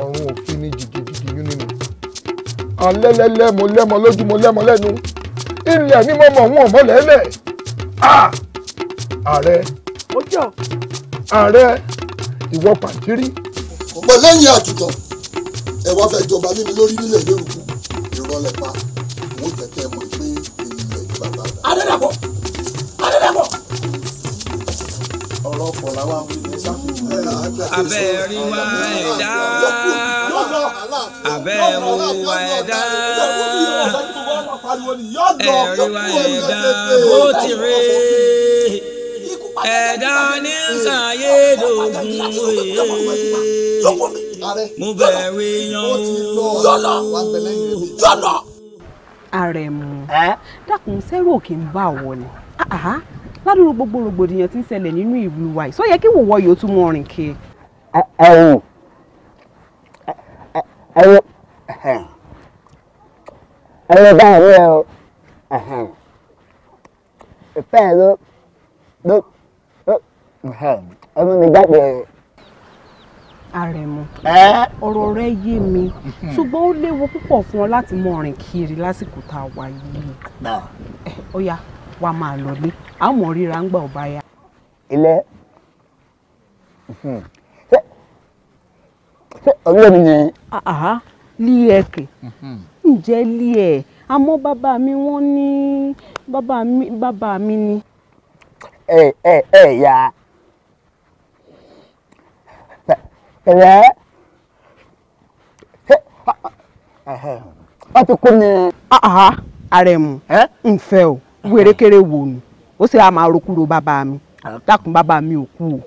ọ̀run òfin ni jìgìjìgì yún nínú alẹ́lẹ́lẹ́ mo lẹ́mọ lójú mo lẹ́mọ lẹ́nu ilẹ̀ ni mo mọ̀ wọn ò mọ̀lẹ́lẹ̀ ah! ààrẹ ààrẹ ìwọ pàǹtírí. ọ̀pọ̀ lẹ́yìn àtúntàn ẹ wá fẹ́ jọba lé lórí nílẹ̀ lérúkú ìrọ̀lẹ́ pa òun jẹ́ mọ̀ pé ènìyàn ìgbà bá dà. Adédàpọ̀ Adédàpọ̀. ọ̀rọ̀ ọkọ̀ làwọn abẹ́rẹ́ wá ẹ̀dá abẹ́rẹ́ wá ẹ̀dá ẹ̀rí wá ẹ̀dá bó ti rí ẹ̀dá ní sàyé lògùn òye mo bẹ̀rù yan o. àrẹ̀mú dákun sẹ́rù òkè ń bá wọ ni ládùúgbò gbogbo rògbòdìyàn tí ń ṣẹlẹ̀ nínú ìlú wa yìí sọ yẹ kí wòwọ́ yìí ó tún mọ ọrìn kí. ẹ̀wọ̀n ẹ̀wọ̀n ẹ̀wọ̀n báyìí ẹ̀wọ̀n ìfẹ́ ẹ̀ ló ló. ẹmu mi jáde. Àrẹ̀mú ọ̀rọ̀ rẹ yé mi hmm. ṣùgbọ́n ó léwu púpọ̀ fún ọ láti mọ ọ̀rìn kiri lásìkò tá a wà yìí ó yá wàá máa lọ ní ń gbà ọba ya. ilé hmm. ṣé ọ̀rẹ́ mi ni. lí ẹ ẹ àmọ́ bàbá mi ní bàbá mi ni. ẹ̀rẹ́ wọ́n ti kú ni. àrẹ̀mú nfẹ́ o wérékéré wò ni ó sì á máa rokúro bàbá mi dákun bàbá mi ò kú o.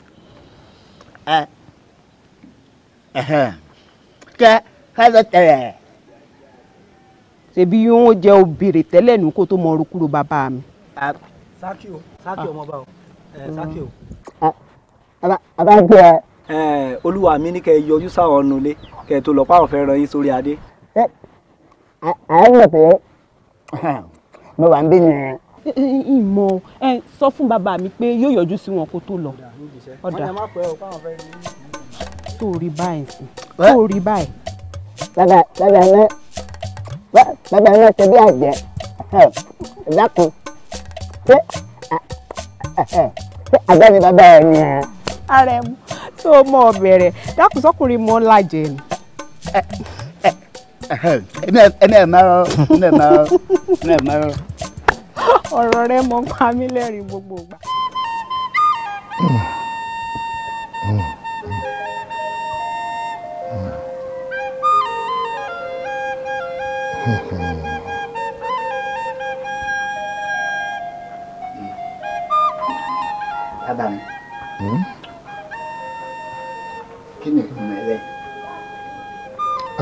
kẹ́ ká lọ tẹ̀lẹ̀. ṣèbí yóò jẹ́ obìnrin tẹ́lẹ̀ nù kó tó mọ rokúro bàbá mi. sákì o sákì ọmọ bá o sákì o. àbá gbé ẹ. Eh, olúwa mi ní kẹ́ ẹ yọjú sáwọn ọ̀nà ilé kẹ́ ẹ tó lọ páwọn fẹ́ ran yín sórí adé. à ń rò pé *laughs* mo wà ń bí ni. ìmọ̀ eh, eh, ẹ sọ fún bàbá mi pé yóò yọjú sí wọn kó tó lọ. ọ̀dà tó rí báyìí sí tó rí báyìí. bàbá bàbá náà bàbá náà ṣe bí àgbẹ̀ dákun ṣé àgbẹ̀ ni bàbá ẹ̀ ni ara ẹ mu tó o mọ ọbẹ̀ rẹ̀ dákun sọkùnrin mọ́ làjẹ́ ni. ẹmí ẹ máa rọ ẹmí ẹ máa rọ ẹmí ọ̀rọ̀ rẹ mọ pa mí lẹ́rìn gbogbo ìgbà. Mm-hmm.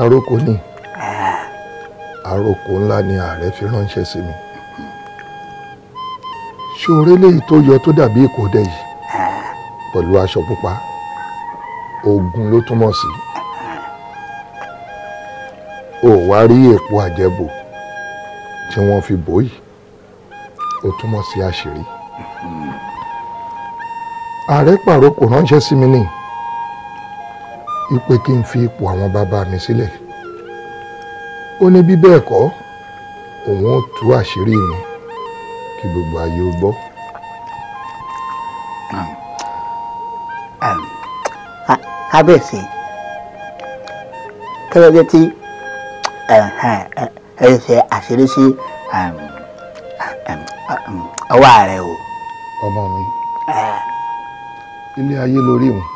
àròkò ni àròkò ah. ńlá ni ààrẹ fi ránṣẹ́ sí mi ṣòro eléyìí tó yọ tó dàbí ìkódẹ yìí ah. pẹ̀lú aṣọ pupa ogun ló túmọ̀ sí ò wá rí èpo àjẹbò tí wọ́n fi bò yìí ó túmọ̀ sí àṣírí mm-hmm. ààrẹ pàrọ̀ ránṣẹ́ sí mi nìyí wípé kí n fi ipò àwọn bàbá mi sílẹ̀ ó ní bí bẹ́ẹ̀ kọ́ òun ó tú àṣírí mi kí gbogbo ayé ó gbọ́. abẹ́sẹ̀ um, kẹ́lẹ́dẹ́ tí eh, eh, eh, ẹ ṣe àṣírí sí um, um, ọwọ́ rẹ o. ọmọ mi ilé ayé lórí wọn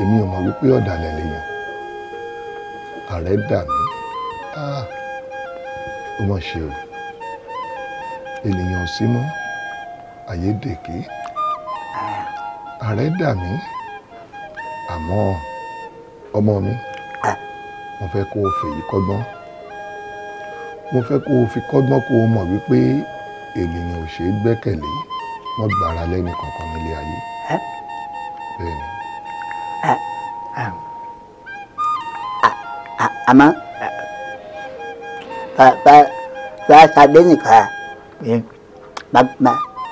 èmi ò mọ̀ wípé ọ̀dàlẹ̀ lèèyàn ààrẹ dà mí ah, ó mọ̀ ṣe o ènìyàn ò sí mọ́ àyédèké ààrẹ dà mí àmọ́ ọmọ mi mo fẹ́ kó o fèyí kọ́gbọ́n mo fẹ́ kó o fi kọ́gbọ́n kó o mọ̀ wípé ènìyàn ò ṣeé gbẹ́kẹ̀lé wọ́n gbára lẹ́ni kankan nílé ayé. àmọ́ fàṣàdé nìkan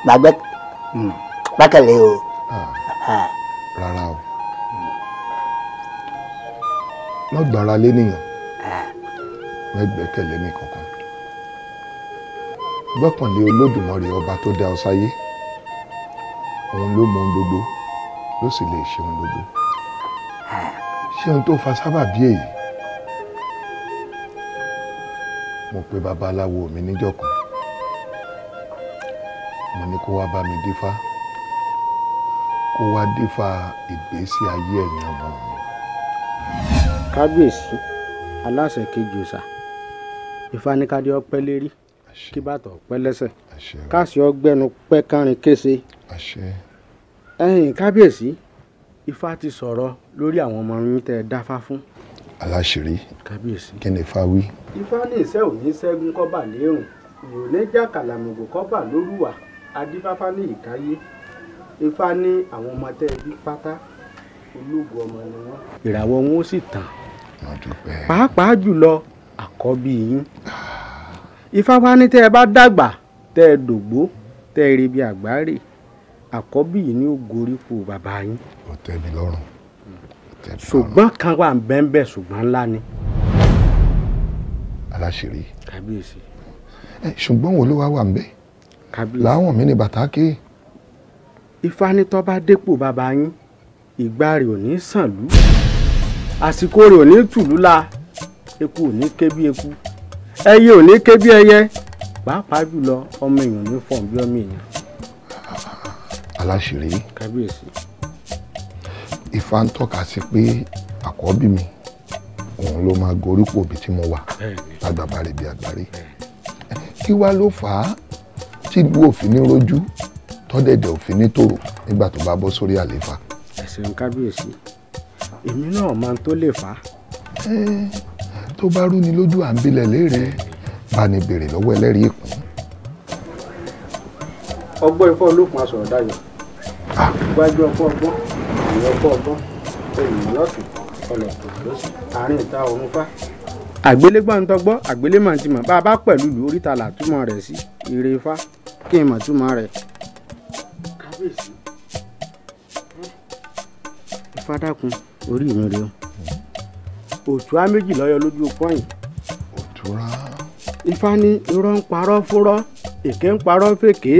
màgbẹ bákẹ́lẹ́ o. rárá o má gbára lé nìyẹn má gbẹ́kẹ̀lé nìkankan ni olódùmarè ọba tó dá ọ sáyé òun ló mọ ohun gbogbo ló sì lè ṣe ohun gbogbo ṣé ohun tó fa sábàbí èyí mo pe babaláwo mi níjọ́ kan mo ní kó wá bá mi dífá kó wá dífá ìgbésí ayé ẹ̀yìn ọmọ mi. kábíyèsí aláṣẹ kejì ọ̀sà ìfanikadé ọpẹ́ lérí kí bàtà ọpẹ́ lẹ́sẹ̀ káàsì ọgbẹ́nu pẹ́ kárin kése ẹ̀yin kábíyèsí ifá ti sọ̀rọ̀ lórí àwọn ọmọ yín tẹ́ ẹ dáfá fún aláṣìírí kí ni ifá wí. ifá ní iṣẹ́ òní ṣẹ́gun kọ́bà léèrùn ìrònẹ́jà kàlàmùgò kọ́bà lórúwà adífáfá ní ìkáyé ifá ní àwọn ọmọ tẹ́ ẹbí pátá olóògùn ọmọ ni wọ́n. ìràwọ̀ wọn ó sì tàn pàápàá jùlọ àkọ́bí yín ifá wá ní tẹ́ ẹ bá dàgbà tẹ́ ẹ dògbó tẹ́ ẹ rebi àgbáre àkọ́bí yìí ni ó gorí kù bàbá yín. ó mi lọ́rùn ṣùgbọ́n kan wà bẹ́ẹ̀ ṣùgbọ́n ńlá ni. aláṣìírí. kábíyèsí. ẹ ṣùgbọ́n wo ló wá wà ń bẹ́ẹ̀. kábíyèsí. láwọn mi ni bàtà ké. ifá ní tó bá dépò bàbá yín ìgbà rẹ̀ ò ní sànlú àsìkò rẹ̀ ò ní tùlú la eku ò ní ké bí eku ẹyẹ ò ní ké bí ẹyẹ pàápàá jùlọ ọmọ èèyàn ní fọ̀n bí ọmọ èèyàn. aláṣìírí. kábíyèsí ifá ń tọ́ka sí pé àkọ́bí mi òun ló máa gorípò bí tí mo wà lágbàbá rẹ̀ bí àgbárí kí wá ló fà á tí ìlú òfin ní rojú tọ́dẹ̀dẹ̀ òfin ní tòrò nígbà tó bá bọ́ sórí àléfà. ẹ ṣeun kábíyèsí èmi náà máa ń tó lè fà á. tó bá rú ni lójú à ń bilẹ̀ léèrè bá ní béèrè lọ́wọ́ ẹlẹ́rìí ìpín. ọgbọ́n ifọ̀ olókùn aṣọ̀rọ̀ dayọ̀ gbájú ọkọ ọgbọ́n ìyẹn ọkọ ọgbọ́n ènìyàn lọ́sùn ọ̀nà lọ́sùn àárín ìta ọ̀run fá. àgbélégbọ́n ń tọgbọ́ àgbélémọ̀ ti mọ̀ bá a bá pẹ̀lú ìlú oríta làtúmọ̀ rẹ̀ sí ire ifá kí n mọ̀ túmọ̀ rẹ̀. kábíyèsí ìfádàkùn orí mi rèé o òtúrá méjì lọ́yọ̀ lójú pọ́yìn. òtúrá. ifá ní irọ́ ń parọ́ fúrọ́ èké ń parọ́ fèké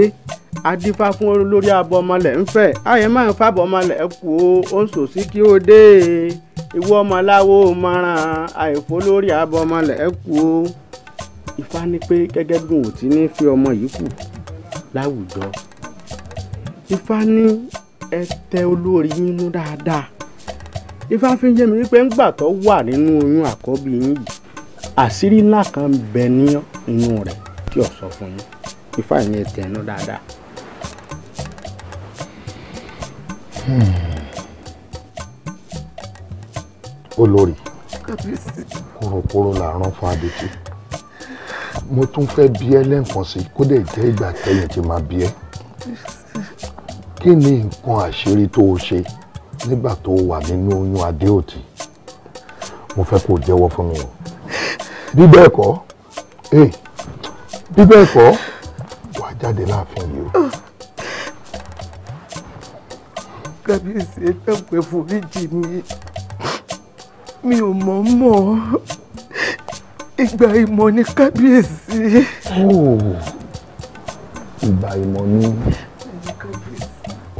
adífá fún olórí abọ́ ọmọlẹ̀ ń fẹ́ ayé máa ń fàbọ̀ ọmọlẹ̀ kú o ó ń sòsí kí ó dé ìwọ ọmọláwo mọ̀ràn àìfó lórí abọ́ ọmọlẹ̀ kú o Ifá ní pé gẹ́gẹ́ bí òun ti ní fi ọmọ yìí kù láwùjọ Ifá ní ẹ tẹ olórí yín nú dáadáa Ifá fi ń yé mi wípé ńgbà tó wà nínú oyún àkọ́bí yín yìí àṣírí ńlá kan bẹ ní inú rẹ̀ tí ò sọ fún yín Ifá ìyẹn tẹ̀ ẹ́ nú dáadáa. Hmm. olórí kòròkòrò là rán fún adití mo tún fẹ́ bí ẹ lẹ́ǹkan sí kó dẹ̀ jẹ́ ìgbà kẹ́yìn tí máa bí ẹ kí ni nǹkan àṣírí tó o ṣe nígbà tó o wà nínú oyún adéòtí mo fẹ́ kó o jẹ́wọ́ fún mi o bí bẹ́ẹ̀ kọ́ eh, bí bẹ́ẹ̀ kọ́ wàá jáde láàfin yìí o kábíyèsí ẹ̀dàpẹ́ foríjì mi mi ò mọ̀ mọ̀ ìgbà ìmọ̀ ni kábíyèsí. ìgbà ìmọ̀ ni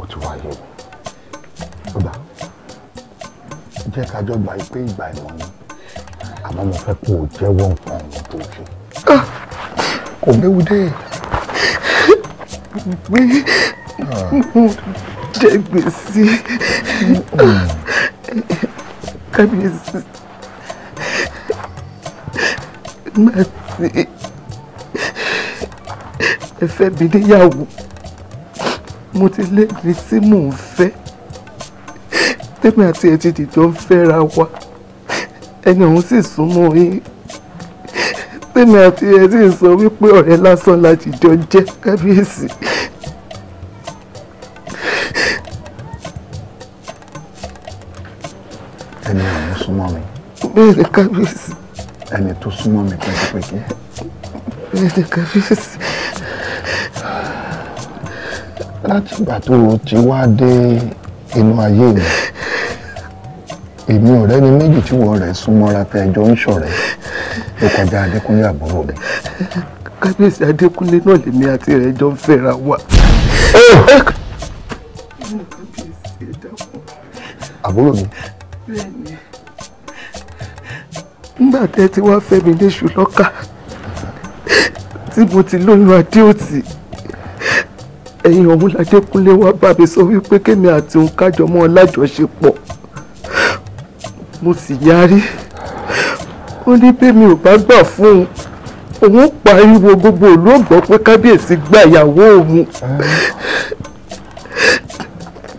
ó ti wáyé o ọba jẹ́ ká jọ gbà pé ìgbà ìmọ̀ ni àmọ́ mo fẹ́ kó o jẹ́wọ́ nǹkan ọ̀hún tó ṣe ah! kò léwu dé. Ah. mo jẹ gbèsè kábíyèsí má ti ẹ fẹ́ mi níyàwó mo ti lẹ́rìí tí mò ń fẹ́ tẹ́mi àti ẹ̀ ti dìjọ ń fẹ́ra wa ẹni ọ̀hún sì súnmọ́ yín tẹ́mi àti ẹ̀ sọ wípé ọ̀rẹ́ lásán la dìjọ jẹ́ kábíyèsí. ẹni ọ̀hún súnmọ́ mi. bẹ́ẹ̀ni kábíyèsí. ẹni tó súnmọ́ mi pẹ́kípẹ́kí. bẹ́ẹ̀ni kábíyèsí. láti ìgbà tó o ti wá dé inú ayé mi èmi ọ̀rẹ́ ni méjì tí wọ́n rẹ̀ súnmọ́ra pé ẹjọ́ ń ṣọ̀rẹ́ ó kọjá adékúnlé àbúrò mi. kábíyèsí adékúnlé náà lèmi àti rẹ̀ jọ ń fẹ́ra wa. àbúrò mi nígbà tẹ́ ti wá fẹ́ mi léṣù lọ́kà tí mo ti lóyún adéòtì ẹ̀yìn ọ̀hún ládékúnlé wá bá mi sọ wípé kémi àti òun kájọ mọ́ lájọṣepọ̀ mo sì yarí ó ní bẹ́mi ò bá gbà fún un òun pariwo gbogbo ìlú ọ̀gbọ́n pé kábíyèsí gba ìyàwó òun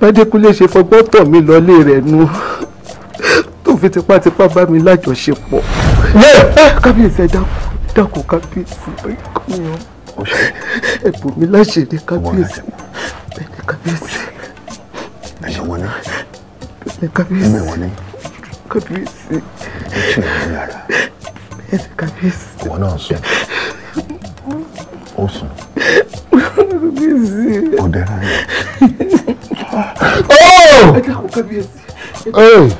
ládékúnlé ṣe fọgbọ́n tọ̀ mí lọlé rẹ̀ nu. No tó fi tipátipá bá mi lájọṣepọ̀. kábíyèsí ẹ dákun kábíyèsí ẹ bò mí láṣìírí kábíyèsí bẹ́ẹ̀ni kábíyèsí. ẹ̀yìn wọn ni bẹ́ẹ̀ni kábíyèsí ẹ̀mí wọn ni kábíyèsí. ó ṣe ìwé yàrá. bẹ́ẹ̀ni kábíyèsí. ìwọ náà sùn ó sùn. kábíyèsí. kò dẹ́ra rẹ̀. ẹ dákun kábíyèsí.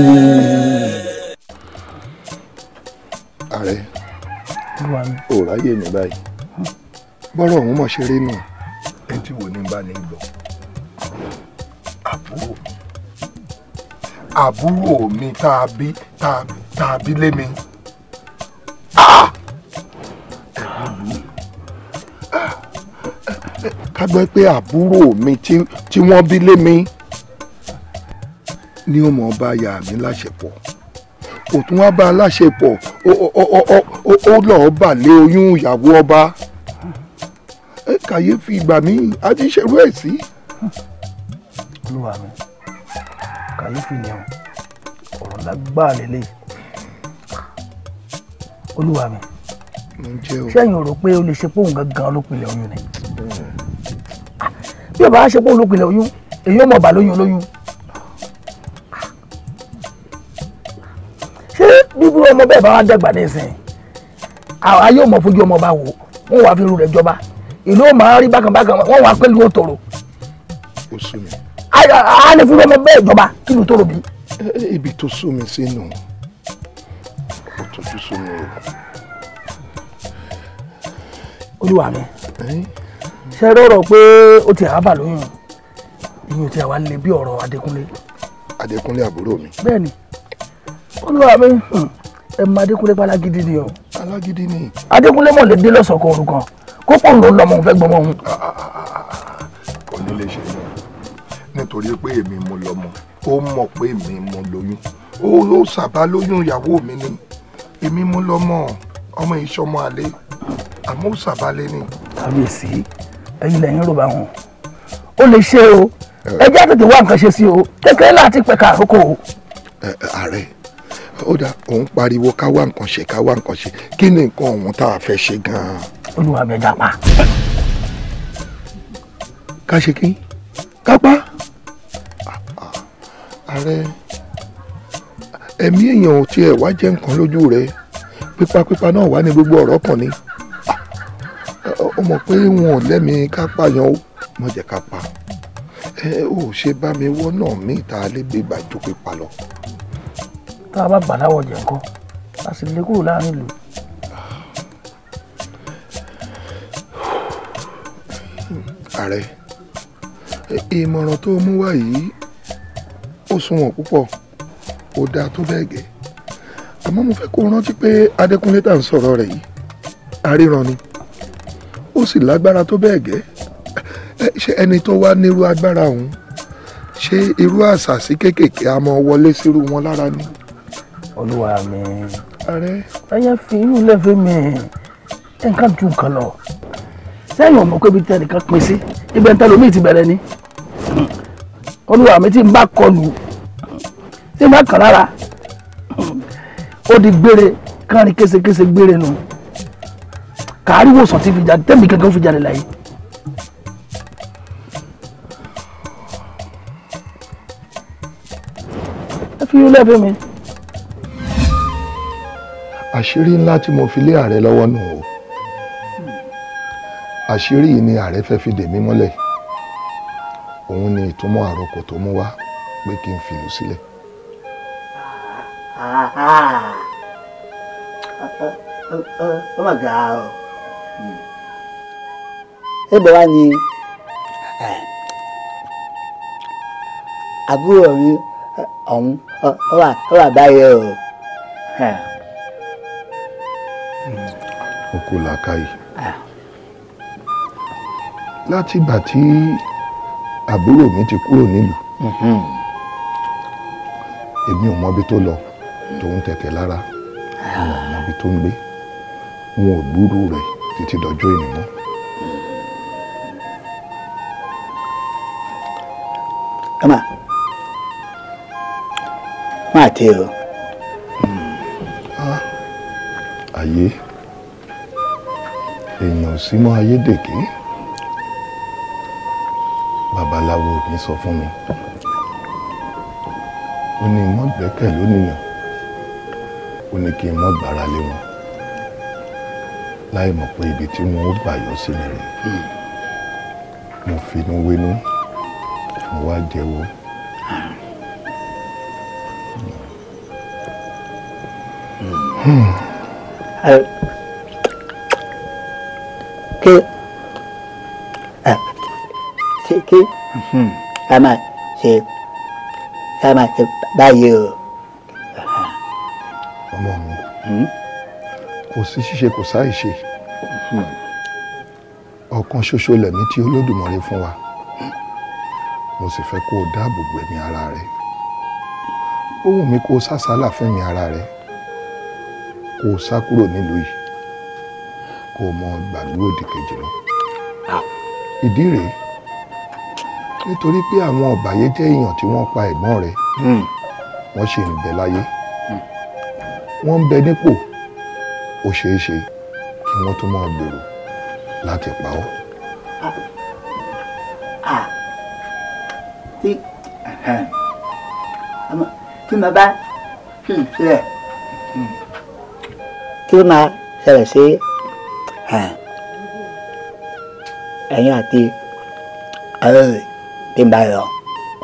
olúwa mi. ò ráyè mi báyìí bọ́rọ̀ òun mọ̀ ṣeré nù etí wo ni bá ní lọ àbúrò mi àbúrò mi tá a bí tá a bí lé mi ah! ká gbọ́ pé àbúrò mi tí wọ́n bí lé mi ni ó mọ̀ bá yà mí láṣepọ̀ ó tún wá bá aláṣepọ̀ ó lọ́ọ́ bà lé oyún ìyàwó ọba ẹ kàyéfì ìgbà mi á ti ṣerú ẹ̀ sí. olúwa mi kàyéfì ni ọ̀rọ̀ lágbára lélẹ̀ olúwa mi sẹ́yìn ò rò pé o lè ṣe pòun gangan olópinlẹ̀ oyún ni ah, bí o bá ṣe pòun olópinlẹ̀ oyún èyí ò mọ̀ bà lóyún olóyún. túbú ọmọ bẹ́ẹ̀ bá wá dàgbà nísìnyí àwa yóò mọ fojú ọmọ bá wò wọn wàá fi irú rẹ̀ jọba ìlú ò máa rí bákan bákan wọn wàá pẹ̀lú òtòrò. a ní fojú ọmọ bẹ́ẹ̀ jọba kí ló tóró bí. ibi tó sú mi sí nù ó tọ́jú sú mi o. olúwa mi ṣe rọrọ pé ó ti àbá lóyún ìyẹn ti àwa lè bí ọ̀rọ̀ Adékúnlé. Adékúnlé àbúrò mi. bẹ́ẹ̀ni olúwa mi. Hmm ẹ máa Adékúnlé pa alágídí ni o. alágídí ni. Adékúnlé mọ̀ lè dé lọ́sọ̀kan òru kan kó pò ń lò lọ́mọ òun fẹ́ gbọmọ òun. kò ní lè ṣe yẹn nítorí pé èmi mo lọ́mọ ó mọ̀ pé èmi mo lóyún ó sábà lóyún ìyàwó mi ni èmi mo lọ́mọ ọmọ ìṣọmọ àlè àmọ́ ó sábà lé ní. kábíyèsí ẹ̀yin lẹ́yìn rò bá wọn ó lè ṣe o eh. ẹ jẹ́ tètè wá nǹkan ṣe sí o kékeré láti pẹ̀ka àkókò o. Eh, eh, ààrẹ ó dà òun pariwo ká wá nǹkan ṣe ká wá nǹkan ṣe kí ni nǹkan ọ̀hún tá a fẹ́ ṣe gan-an. olúwa bẹ dápa. ká ṣe kí ká pa ààrẹ ẹ̀mí èèyàn ò tiẹ̀ wá jẹ́ nǹkan lójú rẹ pípapípa náà wà ní gbogbo ọ̀rọ̀ kan ni ó mọ̀ pé wọn ò lẹ́mìí ká pààyàn ó mọ̀ jẹ́ ká pa ẹ ò ṣe bá mi wọ́nà mí ìta lé gbégbá ìjókòó pa lọ tá a bá gbà láwọ̀ jẹ̀ ńkọ́ a sì lè kúrò láàrin ìlú. ààrẹ ìmọ̀ràn tó mú wá yìí ó sunwọ̀n púpọ̀ ó dáa tó bẹ́ẹ̀ gẹ́ àmọ́ mo fẹ́ kó rántí pé adékúnlé tá à ń sọ̀rọ̀ rẹ̀ yìí aríran ni ó sì lágbára tó bẹ́ẹ̀ gẹ́ ṣé ẹni tó wá nírú agbára òun ṣé irú àṣàsí kéékèèké a máa wọlé sírú wọn lára ni olúwa mi. ààrẹ. ẹyẹ fi irú lẹ́fẹ̀ẹ́ mi ẹ̀ ń ká ju nǹkan lọ sẹ́yìn ọmọ pébi tẹ nìkan pín sí ibẹ̀ ń tẹ́ lómi ti bẹ̀rẹ̀ ni olúwa mi ti ń bá kọlù tí ń bá kàn lára ó di gbére kárin késekése gbére nu kàárí wòsàn ti fi jáde tẹ́mi kankan fi jáde láyé. ẹ fi irú lẹ́fẹ̀ẹ́ mi àṣírí ńlá tí mo fi lé ààrẹ lọ́wọ́ nù o àṣírí yìí ni ààrẹ fẹ́ fi dè mí mọ́lẹ̀ òun ni ìtumọ̀ àròkọ tó mú wá pé kí n fìlú sílẹ̀. ó mà ga ọ. ebe wa ni àbúrò mi ọ̀hún ọ wà báyẹn o o kò làákàyè. láti ìgbà tí àbúrò mi ti kúrò nílùú mhm. èmi ò mọbi tó lọ tòun tẹ̀tẹ̀ lára wọn ò mọbi tó ń gbé wọn ò gbúrú rẹ̀ títí dọjọ́ ènìyàn. kama máa tẹ o. ayé. Ah èèyàn ò sí mọ́ ayédèké babaláwo mi sọ fún mi ó ní mọ́ gbẹ́kẹ̀ lónìyàn ó ní kí n mọ́ gbára lé wọn láì mọ̀ pé ibi tí wọn ó gbà yọ sí mi rè hmm. mo finú wínú mo wá jẹ́wọ́. Hmm. hmm ke kí mm-hmm. ká máa ṣe ká máa ṣe ọmọ mi mm-hmm. kò sí ṣíṣe kò sáì ṣe mm-hmm. ọ̀kan ṣoṣo lẹ̀mí tí Olódùmarè fún wa mo sì fẹ́ kó o dáàbò bo ẹ̀mí ara rẹ ó wù mí kó o sásálà fún ẹ̀mí ara rẹ kó o sá kúrò nílùú yìí kó o mọ gbàgbé òdì kejì lọ. ìdí rèé nítorí pé àwọn ọ̀bàyéjẹ́ èèyàn tí wọ́n pa ẹ̀gbọ́n rẹ̀ hmm. wọ́n ṣì ń bẹ láyé hmm. wọ́n ń bẹ nípò ó ṣeé ṣe kí wọ́n tún máa gbèrò láti pa ọ́. Ah. Ah. tí mo bá fi hmm, ìfẹ́ kí ló máa ṣẹlẹ̀ sí ẹ̀yin àti ọlọ́rẹ̀ tí ń bá lọ.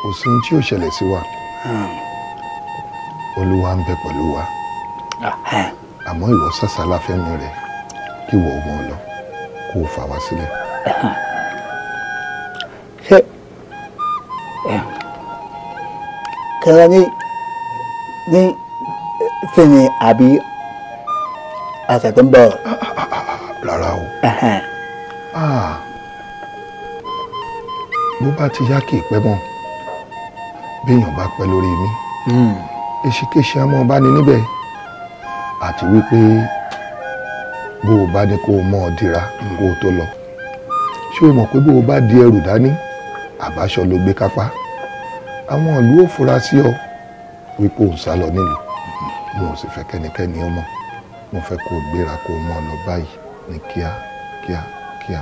kò sí ohun tí yóò ṣẹlẹ̀ sí wa olúwa ń bẹ pẹ̀lú wa àmọ́ ìwọ sàsálà fẹ́mi rẹ kí ìwọ ọmọ lọ kó o fà wá sílẹ̀. ṣé kẹrẹ ní ní fìní àbí àṣà tó ń bọ̀ rárá o. Ah. bó bá ti yá kì í pẹ́ mọ́ béèyàn bá pẹ́ lórí mi èsìkéṣe hmm. àmọ́ bá ní níbẹ̀ àti wípé bó o bá ní kó o mọ́ ọ dira kó o tó lọ ṣé o mọ̀ pé bó o bá di ẹrù dání àbáṣọ ló gbé kápá àwọn ìlú ò fura sí ọ wípé ò ń sá lọ nílùú mo ò sì fẹ́ kẹ́nikẹ́ni ọmọ mo fẹ́ kó o gbéra kó o mọ́ ọ lọ báyìí ní kíá kíá kíá.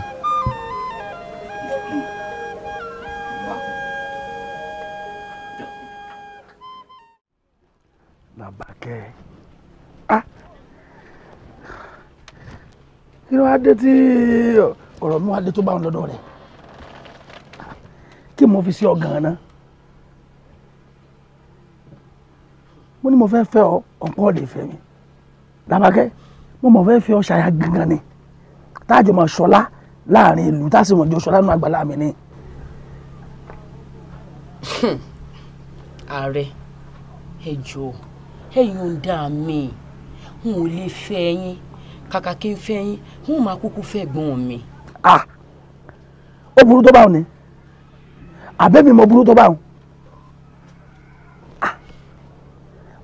làbàkẹ́ ah kí ló wá dé tí ọ̀rọ̀ mi wá dé tó bá wọn lọ́dọ̀ rẹ̀ kí mo fi sí ọ gan-an náà mo ní mo fẹ́ fẹ́ ọ ọ̀pọ̀ ọ̀dẹ̀ fẹ́ mi làbàkẹ́ mo mọ̀ fẹ́ fẹ́ ọ ṣàyà gan-an ni táàjọ máa ṣọlá láàrin ìlú tá a sì mọ̀ jọ ṣọlá nínú àgbàlá mi ni. Hmm. ààrẹ ẹ jọ̀ọ́ ẹ yọ̀ǹda mi n ò lè fẹ́ yín kàkà kí n fẹ́ yín n ò máa kúkú fẹ́ gbọ́n mi. ah ó burú tó báwọn ni àbẹ́mi mo burú tó báwọn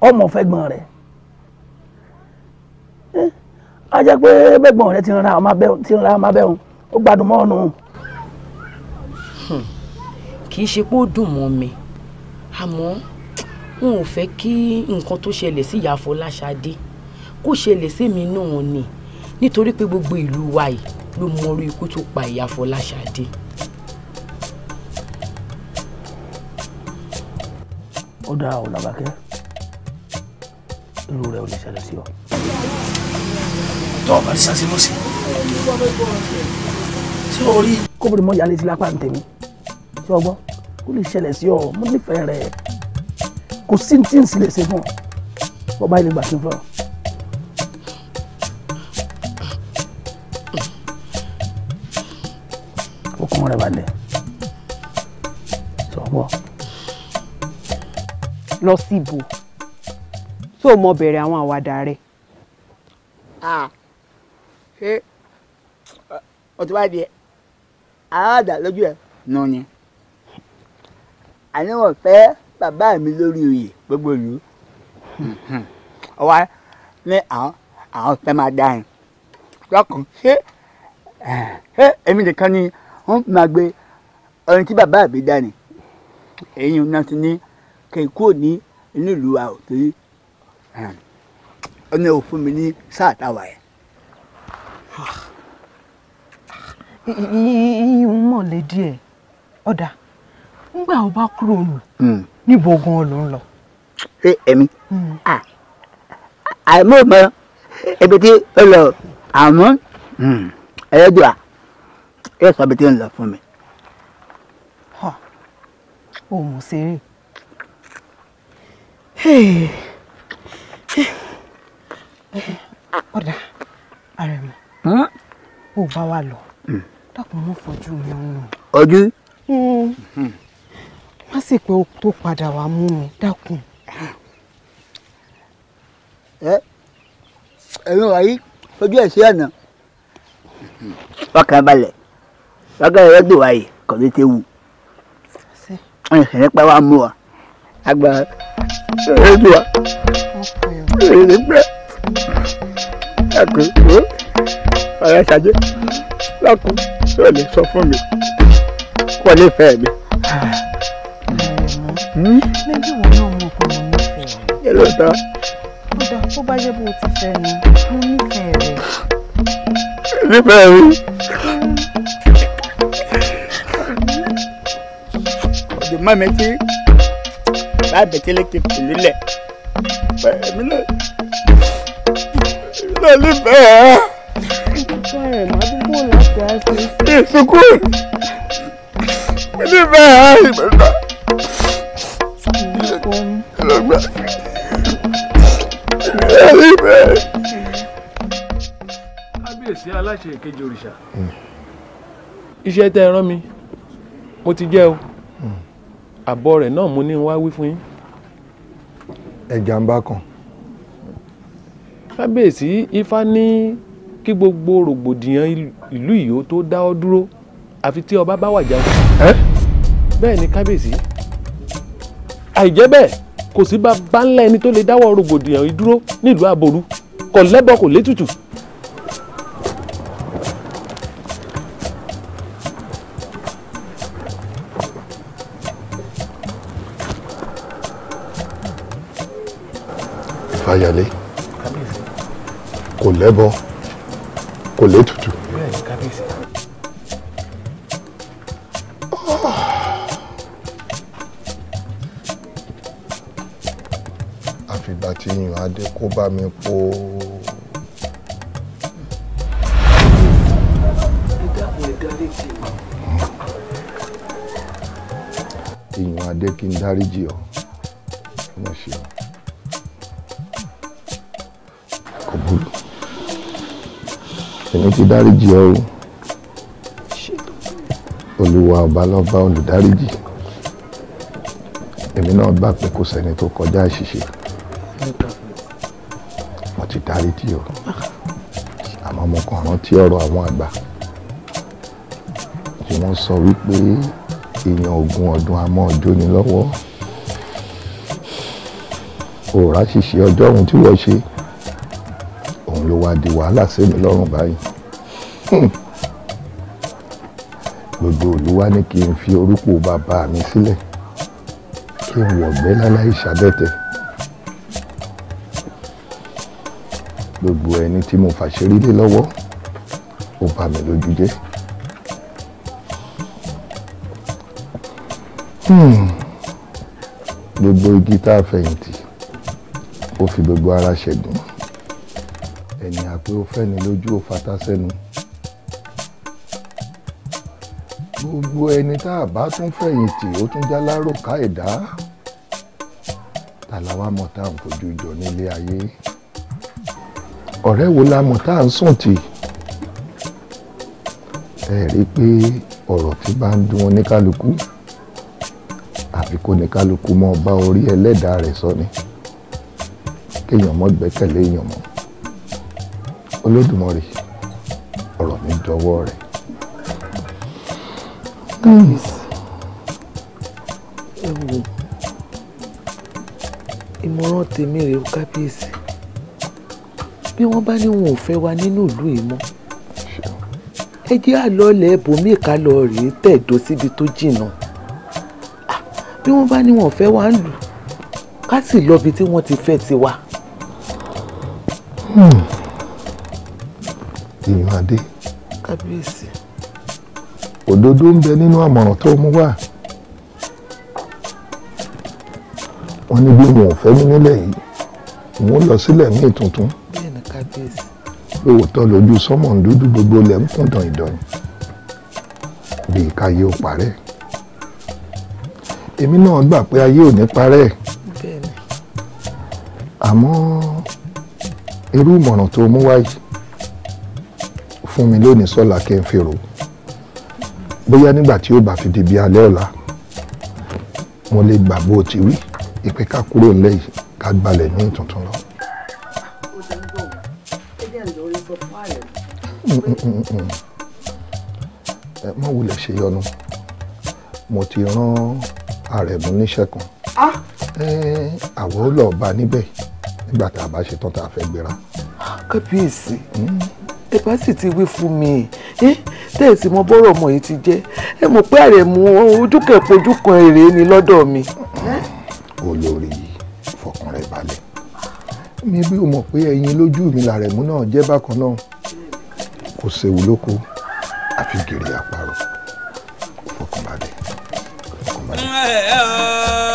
ọmọ fẹ́ gbọ́n rẹ̀ a jẹ́ pé bẹ́gbọ̀n rẹ ti ń ra ọmọ abẹ́ ti ń ra ọmọ abẹ́ òun ó gbádùn mọ́ ọ̀nà òun. kì í ṣe pé ó dùn mọ́ mi àmọ́ n ò fẹ́ kí nǹkan tó ṣẹlẹ̀ sí ìyá Fọláṣadé kó ṣẹlẹ̀ sí mi náà ni nítorí pé gbogbo ìlú wa yìí ló mọ orí ikú tó pa ìyá Fọláṣadé. ó dáa ò irú rẹ̀ ò lè ṣẹlẹ̀ sí ọ tọ́ ọ̀bà sísá sí lọ́sẹ̀. ṣé o rí. kóbìnrin mọ́ ìyáálé sí lápá ń tèmi ṣé o gbọ́ kó lè ṣẹlẹ̀ sí ọ mo nífẹ̀ẹ́ rẹ̀ kò sí tí n sì lè ṣe fún ọ bọ́bá ilé gbà sí fún ọ. ọkùnrin rẹ̀ balẹ̀ ṣé o gbọ́. lọ sí ibò tó o mọ bẹ̀rẹ̀ àwọn àwàdà rẹ̀ ọtí wá diẹ aráàdà lójú ẹ nù ni àní fẹ́ bàbá mi lórí oyè gbogbo ìlú ọwọ hmm. ní àwọn àwọn fẹ́ máa dá yẹn lọkàn ṣé ṣé èmi nìkan ni wọn máa gbé ọrin tí bàbá mi dá ni èyí náà ti ní kí n kúrò ní inú ìlú wa ò torí ọ̀nà hmm, òfin mi ní sáà táwa yẹn iyùn mọ̀ lé díẹ̀ ọ̀dà ńgbà ó bá kúrò nù hmm. níbo gan ló ń lọ. ṣé ẹ̀mí hmm. àìmọ̀ mọ ebi tí ó lọ àmọ́ hmm, ẹlẹ́dùá ẹ sọ ibi tí ń lọ fún mi. ó mọ̀ sẹ́rẹ̀ ọ̀dà àrẹ̀mọ̀ o bá wà lọ hmm. dákun mú fojú mi ọ̀nà. ojú. Hmm. Hmm. má sì pé o tó padà wá mú mi dákun. ẹ ẹ̀rọ ayé ojú ẹ̀ sí àná ọkàn balẹ̀ lọ́gàá ẹ̀rọ dùn wáyé kò ní ti wù ẹ̀rẹ́ pẹ́ wá mú wa àgbà ẹ̀rọ dùn wá ẹ̀rọ pẹ́ ẹ̀kọ́ ọ̀rẹ́ ṣàjẹ lọ́kùn yóò lè sọ fún mi kò nífẹ̀ẹ́ mi. méjì hmm? wọn náà mọ pé mo nífẹ̀ẹ́. yẹ ló tọ́. ó dà tó bá yẹ bó o ti fẹ́ ni mo nífẹ̀ẹ́ rẹ̀. nífẹ̀ẹ́ mi. ọ̀dùn mọ́ mi tí bá bẹ̀tẹ́lẹ̀ ti fìlú lẹ̀ pẹ̀lú náà nífẹ̀ẹ́. Sukun. Mo ní bẹ́ẹ̀ á ìgbẹ́ta. Ìlọgbà. Ìlọgbà bẹ́ẹ̀. Kábíyèsí aláṣẹ ìkejì òrìṣà. Hmm. Iṣẹ́ tẹ́ ẹ rán mi, mo ti jẹ́ o. Hmm. Àbọ̀ rẹ̀ náà mo ní wá wí fún yín. Ẹ̀jà ń bá kan. Kábíyèsí Ifá ní. Ni kí gbogbo rògbòdìyàn ìlú ìyó tó dá ọ dúró àfi tí ọba bá wàjà o. bẹ́ẹ̀ ni kábíyèsí àìjẹ́ bẹ́ẹ̀ kò sí bàbá ńlá ẹni tó lè dáwọ́ rògbòdìyàn yìí dúró nílùú àbòrú kò lẹ́bọ kò létùtù. fàyàlé kò lẹ́bọ kò létùtù. àfìgbà tí yìnyín adé kó bá mi po. ìyìn adé kí n dáríjì ọ́. ti dáríjì ẹ o olúwa ọba lọ́ba olùdáríjì èmi náà gbà pé kò sẹ́ni tó kọjá àṣìṣe mo ti dáríjì o àmọ́ mo kàn rántí ọ̀rọ̀ àwọn àgbà tí wọ́n sọ wípé èèyàn ogún ọdún amọ́ ọjọ́ ni lọ́wọ́ òòrá ṣìṣe ọjọ́ ohun tí wọ́n ṣe òun ló wá di wàhálà sí mi lọ́rùn báyìí. Hmm. gbogbo olúwa ní kí n fi orúkọ bàbá mi sílẹ̀ kí n wọ̀gbẹ́ láláì ṣàbẹ̀tẹ̀ gbogbo ẹni tí mo fàṣírí lé lọ́wọ́ ó bà mí lójú jẹ́. Hmm. gbogbo igi tá a fẹ̀yìntì ó fi gbogbo ara ṣẹ̀gùn ẹ̀yìn àpé ó fẹ́ni lójú ó fatá sẹ́nu. gbogbo ẹni tá a bá tún fẹ̀yìntì ó tún já láròká ẹ̀dá ta la wá mọ̀ tá à ń fojú jọ nílé ayé ọ̀rẹ́ wo la mọ̀ tá à ń sùn tì ẹ rí i pé ọ̀rọ̀ tí bá ń dùn oníkálukú àfi kó oníkálukú mọ́ bá orí ẹlẹ́dàá rẹ̀ sọ ni kéèyàn mọ́ gbẹ́kẹ̀lé èèyàn mọ́ Olódùmarè ọ̀rọ̀ mi jọ̀wọ́ rẹ̀ kábíyèsí ẹ wò ìmọ̀ràn tèmi rèé o kábíyèsí bí wọ́n bá ní wọn ò fẹ́ wa nínú ìlú yìí mọ́ ẹ jẹ́ àlọ́ọ̀lẹ̀ ẹ̀bùnmí ìkálọ̀ rèé tẹ̀dó síbi tó jìnnà bí wọ́n bá ní wọn ò fẹ́ wa ń lù ká sì lọ́bi tí wọ́n ti fẹ́ tiwa. Hmm. ìyọ̀n adé. kábíyèsí òdodo ń bẹ nínú àmọ̀ràn tó mú wá wọn ní bí wọn ò fẹ́ mí nílẹ̀ yìí wọn lọ sílẹ̀ ní ìtuntun lóòótọ́ lójú sọ́mọ̀ ń dúdú gbogbo lẹ̀ ń kún dàn ìdọ̀yìn bí káyé ó parẹ́ èmi náà gbà pé ayé ò ní parẹ́ àmọ́ irú ìmọ̀ràn tó mú wáyé fún mi lónìí sọ́la kí n fi rò ó bóyá nígbà tí ó bá fi di bí alẹ́ ọ̀la mo lè gbà bó ti wí ìpè ká kúrò ńlẹ̀ yìí ká gbalẹ̀ ní tuntun lọ. ẹ mọ wulẹ̀ ṣe yọnu mo ti rán àrẹ̀mú níṣẹ́ kan ah! àwọn ó lọ bá níbẹ̀ nígbà tá a bá ṣe tán tá a fẹ́ gbéra. kábíyèsí hmm ẹ bá sì ti wí fún mi tẹ́ ẹ̀ sì mọ bọ́rọ̀ ọmọ yìí ti jẹ́ ẹ mọ̀ pé àrẹ̀mú ojúkẹ̀pọ̀ ojúkan èrè ni lọ́dọ̀ mi. olórí fọkàn rẹ balẹ̀ mi bí mo mọ̀ pé ẹyin lójú mi làrẹ̀mú náà jẹ́ bákan náà kò séwu lóko àfi gèrè àparò fọkàn balẹ̀ fọkàn balẹ̀.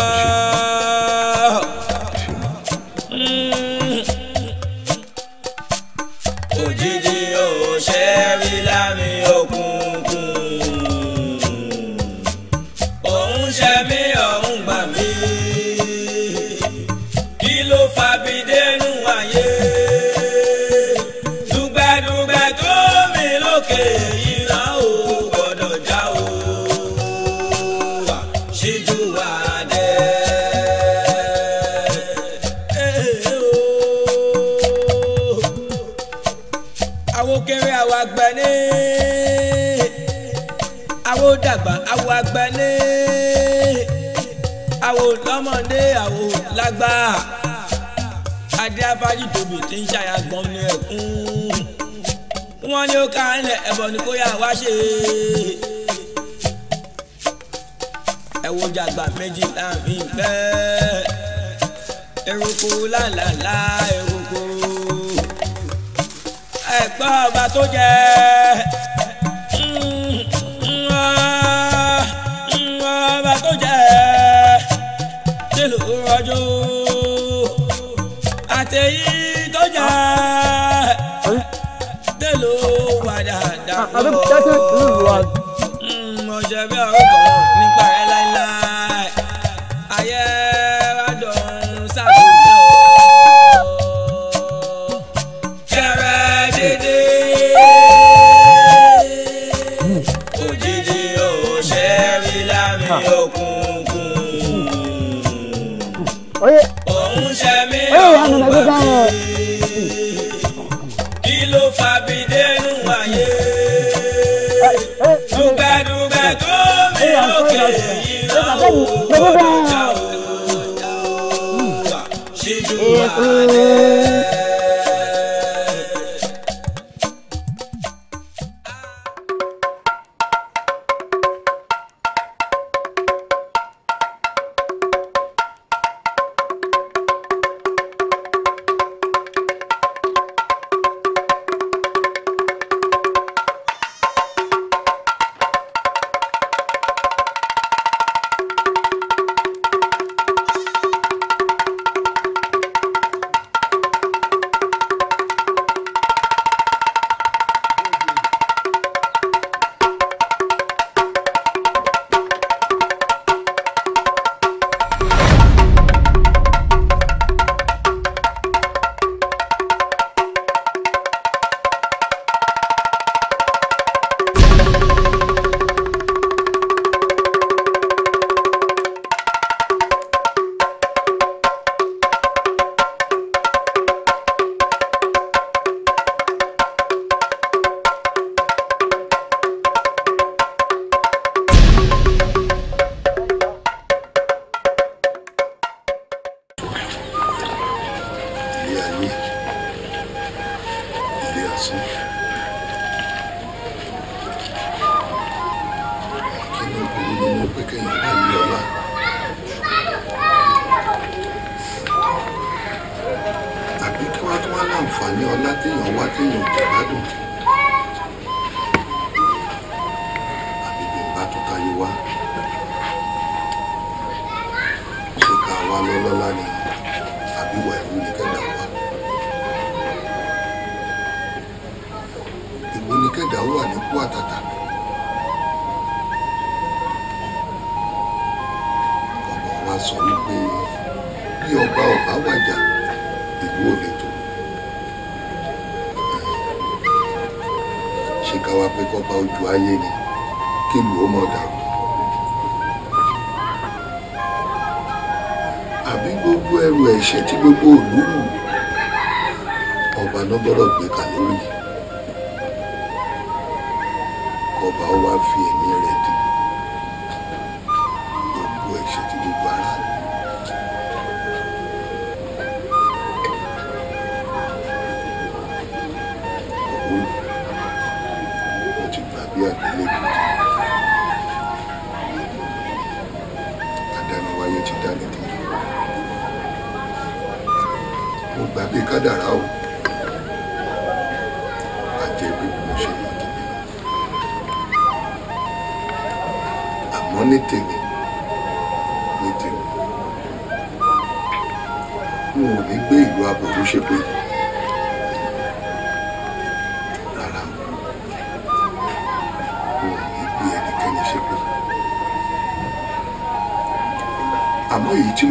ọlọ́mọdé àwò lágbá adé afájú tóbi tí ń ṣàyà gbọ́n ní ẹ̀kún wọ́n ní ó ká ilẹ̀ ẹ̀bọ ni kó yà wá ṣe ẹ wo jàgbà méjì láàrin bẹ́ẹ̀ eroko lálàlá eroko ẹ̀gbọ́n ọba tó jẹ́ ẹ̀. tọ́jú àtẹ̀yí tó jà délò wàdà dàgbò ọ̀jẹ̀ bí àwọn kan. Bye-bye.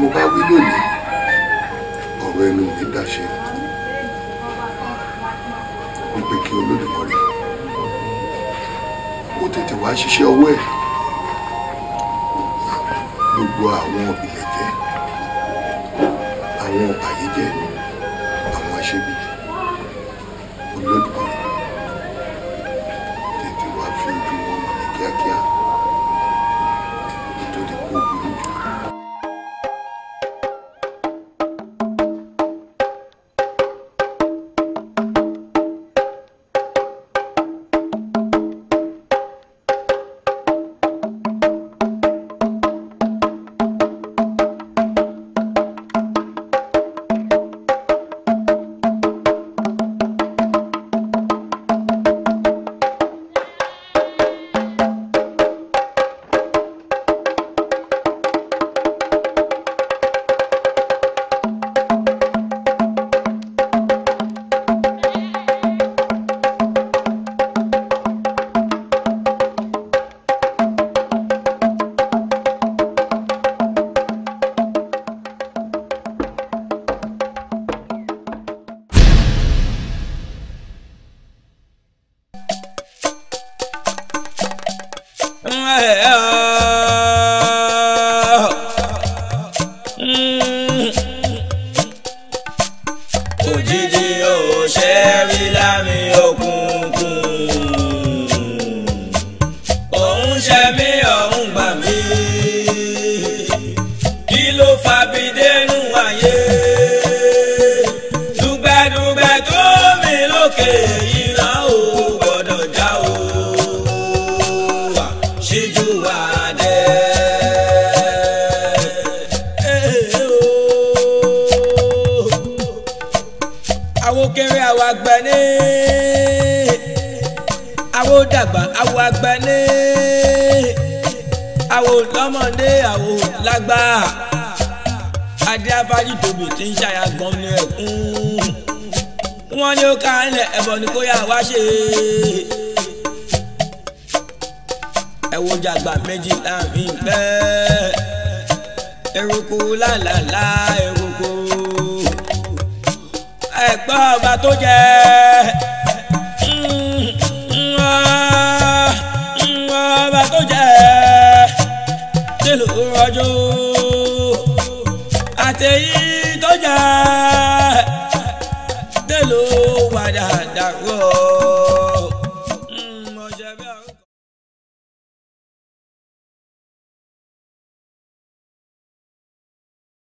mo bá wí lónìí ọ̀rọ̀ ẹnu mi dáṣe wípé kí Olódùmarè ó tètè wá ṣiṣẹ́ ọwọ́ ẹ̀ gbogbo àwọn ìlẹ̀jẹ́ àwọn ọ̀bàyéjẹ́